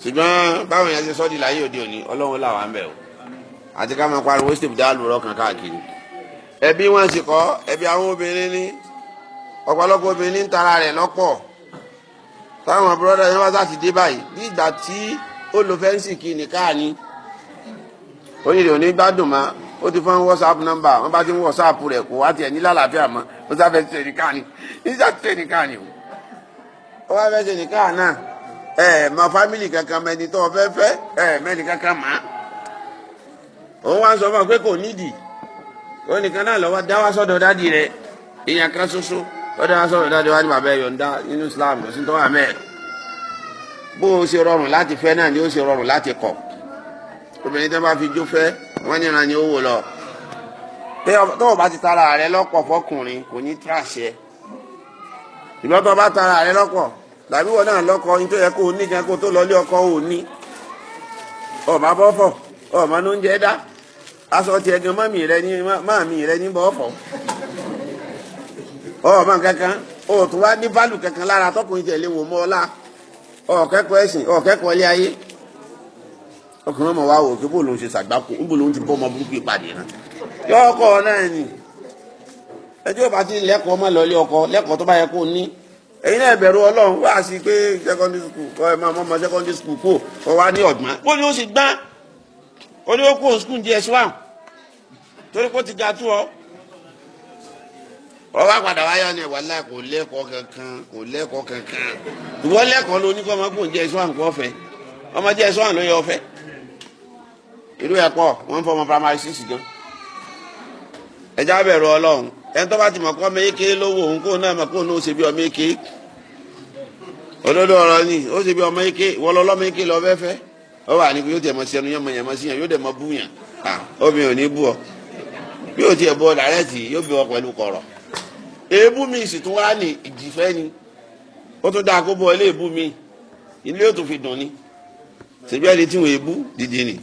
ṣùgbọ́n báwọn yẹn ṣe sọ́ọ́dì láyé òde òní ọlọ́run làwọn à ń bẹ̀ o àti ká máa pariwo steve dálù rọ̀ kàn káàkiri ẹbí wọn sì kọ́ ẹbí àwọn obìnrin ní ọ̀pọ̀lọpọ̀ obìnrin ń tara rẹ̀ lọ́pọ̀ táwọn bọ́dà yẹn wá sáti dé báyìí bí ìgbà tí ó lo fẹ́ǹsì kì í nìkáà ni onídìí òní gbádùn mọ́ ó ti fún whatsapp number wọ́n bá ti ń whatsapp rẹ̀ kó wá tiẹ̀ ní lálàáfíà mọ́ ó sáfẹ́ ṣe nìkáà ni níjà ṣe nìkáà ni o ó wá fẹ́ ṣe nìkáà náà ẹ ẹ mọ fámìlì kankan mẹni tó fẹ́ fẹ́ ẹ mẹni kankan mọ́ òun wá sọ fún ọ pé kò nídìí ó nìkan náà lọ́wọ́ dá wá sọ́dọ̀ dádì rẹ̀ èèyàn kan ṣoṣo lọ́dọ̀ wá sọ̀rọ̀ dáadé wá ní bàbá ẹ̀yọ̀ǹda nínú Islam kò sí tó wà mẹ́ẹ̀ bó o ṣe rọrùn láti fẹ́ náà ni ó ṣe rọrùn láti kọ̀ obìnrin tó bá fi jó fẹ́ wọ́n níran ni ó wò lọ tó o bá ti tara rẹ lọ́kọ̀ fọkùnrin kò ní tíráṣẹ ìbọn tó o bá tara rẹ lọ́kọ̀ tàbí wọn náà lọ́kọ ní tó yẹ kó o ní gan kó tó lọ lé ọkọ ò ní ọmọ abọ́fọ̀ ọmọ ló ń jẹ dá aṣọ tiẹ̀ gan mọ́mì rẹ ní bọ́ọ̀fọ̀. ọmọ kankan o tún wá ní kankan lára tọkùnrin tẹ̀lé wọn mọ́ ọlá ọ̀kẹ́kọ̀ọ́ ẹ̀sìn ọ̀kẹ́kọ̀ọ́ ilé ayé ọkùnrin ọmọ wa wò ó pé bó ṣe ṣàgbákò bó ti bọ́ ọmọ burúkú ìpàdé náà yọ ọkọ náà ni ẹjọ́ ọkọ lẹ́kọ̀ọ́ tó bá yẹ kó ní ẹ̀yin náà bẹ̀rù ọlọ́run wá sí pé secondary school kọ́ wọ́n wá padà wáyọ̀ ni wàhálà kò lẹ́kọ̀ọ́ kankan kò kankan ìwọ lẹ́kọ̀ọ́ ló ní kó ọmọ kóun jẹ́ ẹ̀sọ́ àǹkó ọ̀fẹ́ ọmọ jẹ́ ẹ̀sọ́ àǹlóyè ọfẹ irú ẹ̀kọ́ wọ́n ń fọ primary six gan ẹja bẹ̀rù ọlọ́run ẹni tó bá ti mọ̀ kọ́ ọmọ eke lówó òun kóun náà kóun náà ó ṣe bí ọmọ eke òdodo ọ̀rọ̀ ni ó ṣe lọ eke lọ ó wà ní kó yóò sí ẹnu yẹn sí èébú mi sì tún wá ní ìjìfẹ́ ni ó tún dáa kó bọ́ ilé èébú mi ilé ó tún fi dùn ni ṣèbí ẹni tí wọn èébú dìde ni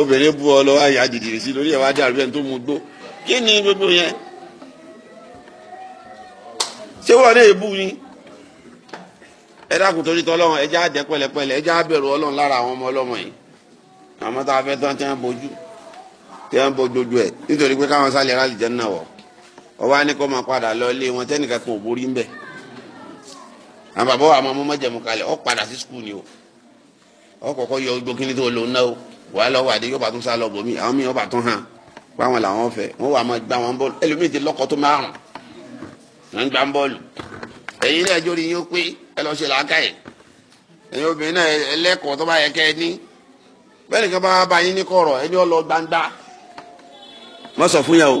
obìnrin bú ọ lọ àyà dìde sí lórí ẹ̀ wá dàrú ẹni tó mu gbó kí ni gbogbo yẹn ṣé wọn ní èébú ni ẹ dákun torí tọlọ́run ẹ já dẹ pẹ̀lẹ́pẹ̀lẹ́ ẹ já bẹ̀rù Ọlọ́run lára àwọn ọmọ ọlọ́mọ yìí àmọ́ tá a fẹ́ tán tí wọn bójú tí wọn bójú ẹ nítorí pé káwọn sálẹ rálì jẹ náà wọ ọwọ́ á ní kó máa padà lọ ilé wọn tẹ́nìkan kan ò borí ń bẹ̀ àwọn bàbá wa máa mú mọ́jẹ̀mú kalẹ̀ ọ padà sí skul ni o ọ kọ̀kọ́ yọ ojú kí ni tó lò ń ná o wàá lọ́wọ́ àdé yóò bá tún sá lọ bòmí àwọn míì yóò bá tún hàn báwọn làwọn fẹ́ wọn wà máa gbá wọn bọ́ọ̀lù ẹlòmíì ti lọ́kọ̀ tó máa rùn wọn gbá bọ́ọ̀lù ẹ̀yin náà jórí yín ó pé ẹ lọ́ọ́ ṣe làákà yẹn ẹ̀yin obìnrin náà ẹlẹ́kọ̀ọ́ tó bá yẹ kẹ́ ẹ ní bẹ́ẹ̀ nìkan bá bá yín ní kọ̀rọ̀ ẹni ọ gbangba mọ́ fún yà o.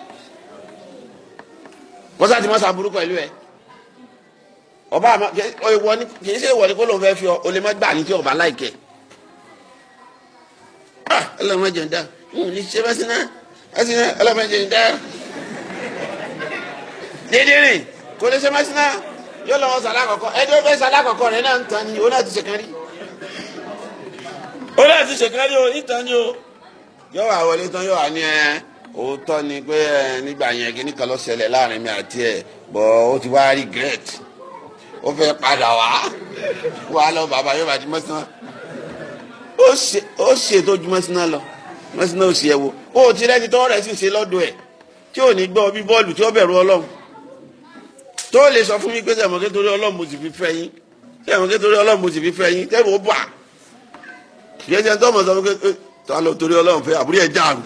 mọ́sá ti mọ́sá burú pẹ̀lú ẹ ọba àmọ́ kì í ṣe ìwọ ni kó ló ń fẹ́ fi ọ o lè má gbà ní kí ọba láìkẹ́ ah, ọlọ́mọdé ń dá ní ṣe bá sinna bá sinna ọlọ́mọdé ń dá dédé rìn kò lè ṣe bá sinna yóò lọ́wọ́ sàlá kọ̀kọ́ ẹni ó fẹ́ sàlá kọ̀kọ́ rẹ̀ náà ń tan ni ó náà ti ṣe kan rí ó náà ti ṣe kan rí o ìtàn ni o yóò wà wọlé tán yóò wà ní ẹ òótọ́ ni pé ẹ nígbà yẹn kíní kan ló ṣẹlẹ̀ láàrin mi àti ẹ̀ bọ̀ ó ti wá regret ó fẹ́ padà wá wá lọ bàbá yóò bá di mọ́sánná ó ṣe tó ju mọ́sánná lọ mọ́sánná ò ṣe ẹ wo bó o ti rẹ́ni tọ́wọ́ rẹ̀ sì ṣe lọ́dọ̀ ẹ̀ tí ò ní gbọ́ bí bọ́ọ̀lù tí ó bẹ̀rù ọlọ́run tó lè sọ fún mi pé sẹ̀mọ́ kétorí ọlọ́run mo sì fi fẹ́ yín sẹ̀mọ́ kétorí ọlọ́run mo sì fi fẹ́ yín tẹ́wọ́ bà kì tó a lọ torí ọlọ́run fẹ́ àbúrò ẹ̀ jáàrú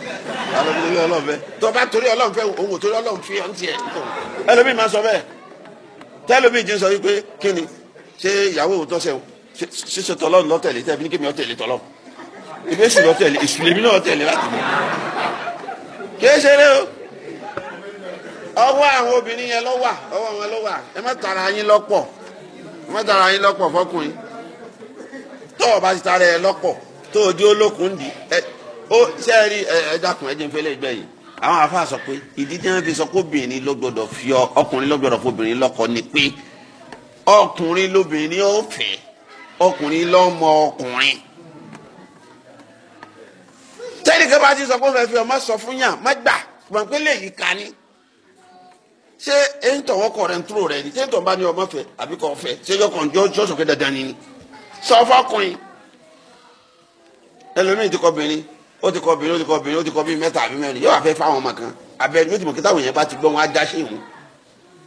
tó a lọ torí ọlọ́run fẹ́ tó a bá torí ọlọ́run fẹ́ òun ò torí ọlọ́run fi hàn tiẹ̀ ẹlòmíì máa sọ bẹ́ẹ̀ tẹ́lòmíì jí ń sọ wípé kí ni ṣé ìyàwó òun tọ́sẹ̀ ṣíṣe tọ́lọ́run lọ́tẹ̀lé tẹ́bi ní kémi ọ̀tẹ̀lé tọ́lọ́ ìfẹ́sì lọ́tẹ̀lé ìsùlẹ̀mí náà ọ̀tẹ̀lé láti mú kìí ṣe eré o ọwọ́ àwọn obìnrin yẹn ló wà ọwọ́ wọn ló wà ẹ má tara yín lọ́pọ̀ ẹ má tara yín lọ́pọ̀ fọkùnrin tọ́ọ̀ bá ti tara ẹ lọ́pọ̀ tó o di olókun di ẹ ó sẹ́ẹ̀rí ẹ ẹ dákun ẹ jẹ́ nfẹ́lẹ́ ìgbẹ́ yìí àwọn afa sọ pé ìdí tí wọ́n fi sọ pé obìnrin ló gbọ́dọ̀ fi ọ ọkùnrin ló gbọ́dọ̀ fi obìnrin lọ́kọ ni pé ọkùnrin lóbìnrin ó fẹ́ ọkùnrin lọ́mọ ọkùnrin tẹ́nìkan bá ti sọ pé ó fẹ́ fi ọ má sọ fún yàn má gbà mọ̀ pé léyìí ka ni ṣé eyín tọ̀ wọ́n kọ̀ rẹ̀ ń túrò rẹ̀ ni ṣé eyín tọ̀ bá ní ọmọ fẹ́ àbí kọ̀ ṣé yọkàn jọ́ sọ̀kẹ́ dandan ni sọ fọkùnrin ẹlòmíì ti kọ obìnrin ó ti kọ obìnrin ó ti kọ obìnrin ó ti kọ bíi mẹ́ta àbí mẹ́rin yóò wá fẹ́ fáwọn ọmọ kan abẹ́rẹ́ yóò ti mọ̀ kí táwọn yẹn bá ti gbọ́ wọn á dá sí ìhun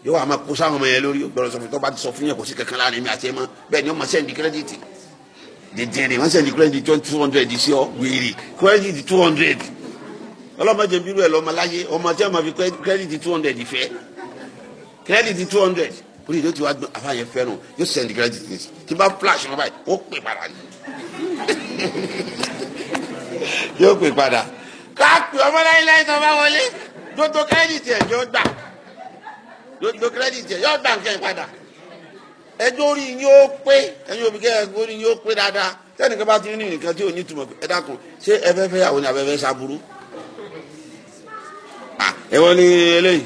yóò wá máa kó sáwọn ọmọ yẹn lórí gbọ́dọ̀ sọ fún tó bá ti sọ fún yẹn kò sí kankan láàrin mi àti ẹ mọ́ bẹ́ẹ̀ ni ó máa sẹ́ndì kírẹ́dìtì dèdè rẹ̀ wọ́n sẹ́ndì kírẹ́dìtì two hundred sí ọ wèrè kírẹ́dìtì two hundred ọlọ́mọdé bírú ẹ̀ lọ́mọ láyé ọmọ tí wọ́n máa fi kírẹ́dìtì two hundred fẹ́ kírẹ́dìtì two hundred orí ìdó tí wàá gbọ́n àfa flash wọn báyìí ó pè padà ní. yóò pè padà káàpì ọmọ láyéláyé tó bá wọlé dodo kírẹ́dìtì ẹ̀ yóò gbà dodo kírẹ́dìtì ẹ̀ yóò gbà nǹkan yìí padà ẹjọ́ orí yóò pé ẹ̀yin òbí kẹ́ ẹ̀gbọ́n orí yóò pé dáadáa tẹ́nìkan bá ti ní nǹkan tí ò ní túmọ̀ ẹ dákun ṣé ẹ fẹ́ fẹ́ àwọn abẹ́fẹ́ ṣaburú ẹ wọ́n ní eléyìí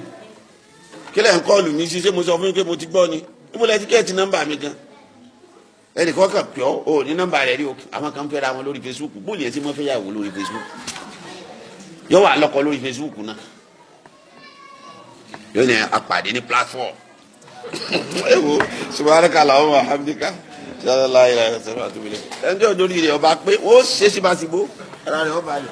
kílẹ̀ ń kọ́ọ̀lù mi sí ṣé mo sọ fún yín pé mo ti gbọ́ ni ẹnìkan kàn pẹ́ ọ́ ò ní nọ́mbà rẹ̀ rí o àwọn kan fẹ́ra wọn lórí Facebook bó ni ẹ ti mọ́ fẹ́ yàwó lórí Facebook yọ wà lọ́kọ lórí Facebook náà yóò ní apàdé ní platform ẹ wo subahánakà làwọn ọmọ alhamdika ṣáàlá láyé láyé ṣẹlẹ àti wílé ẹnjẹ òjò ní ilé ọba pé ó ṣe síbáṣibó ara rẹ ọba rẹ.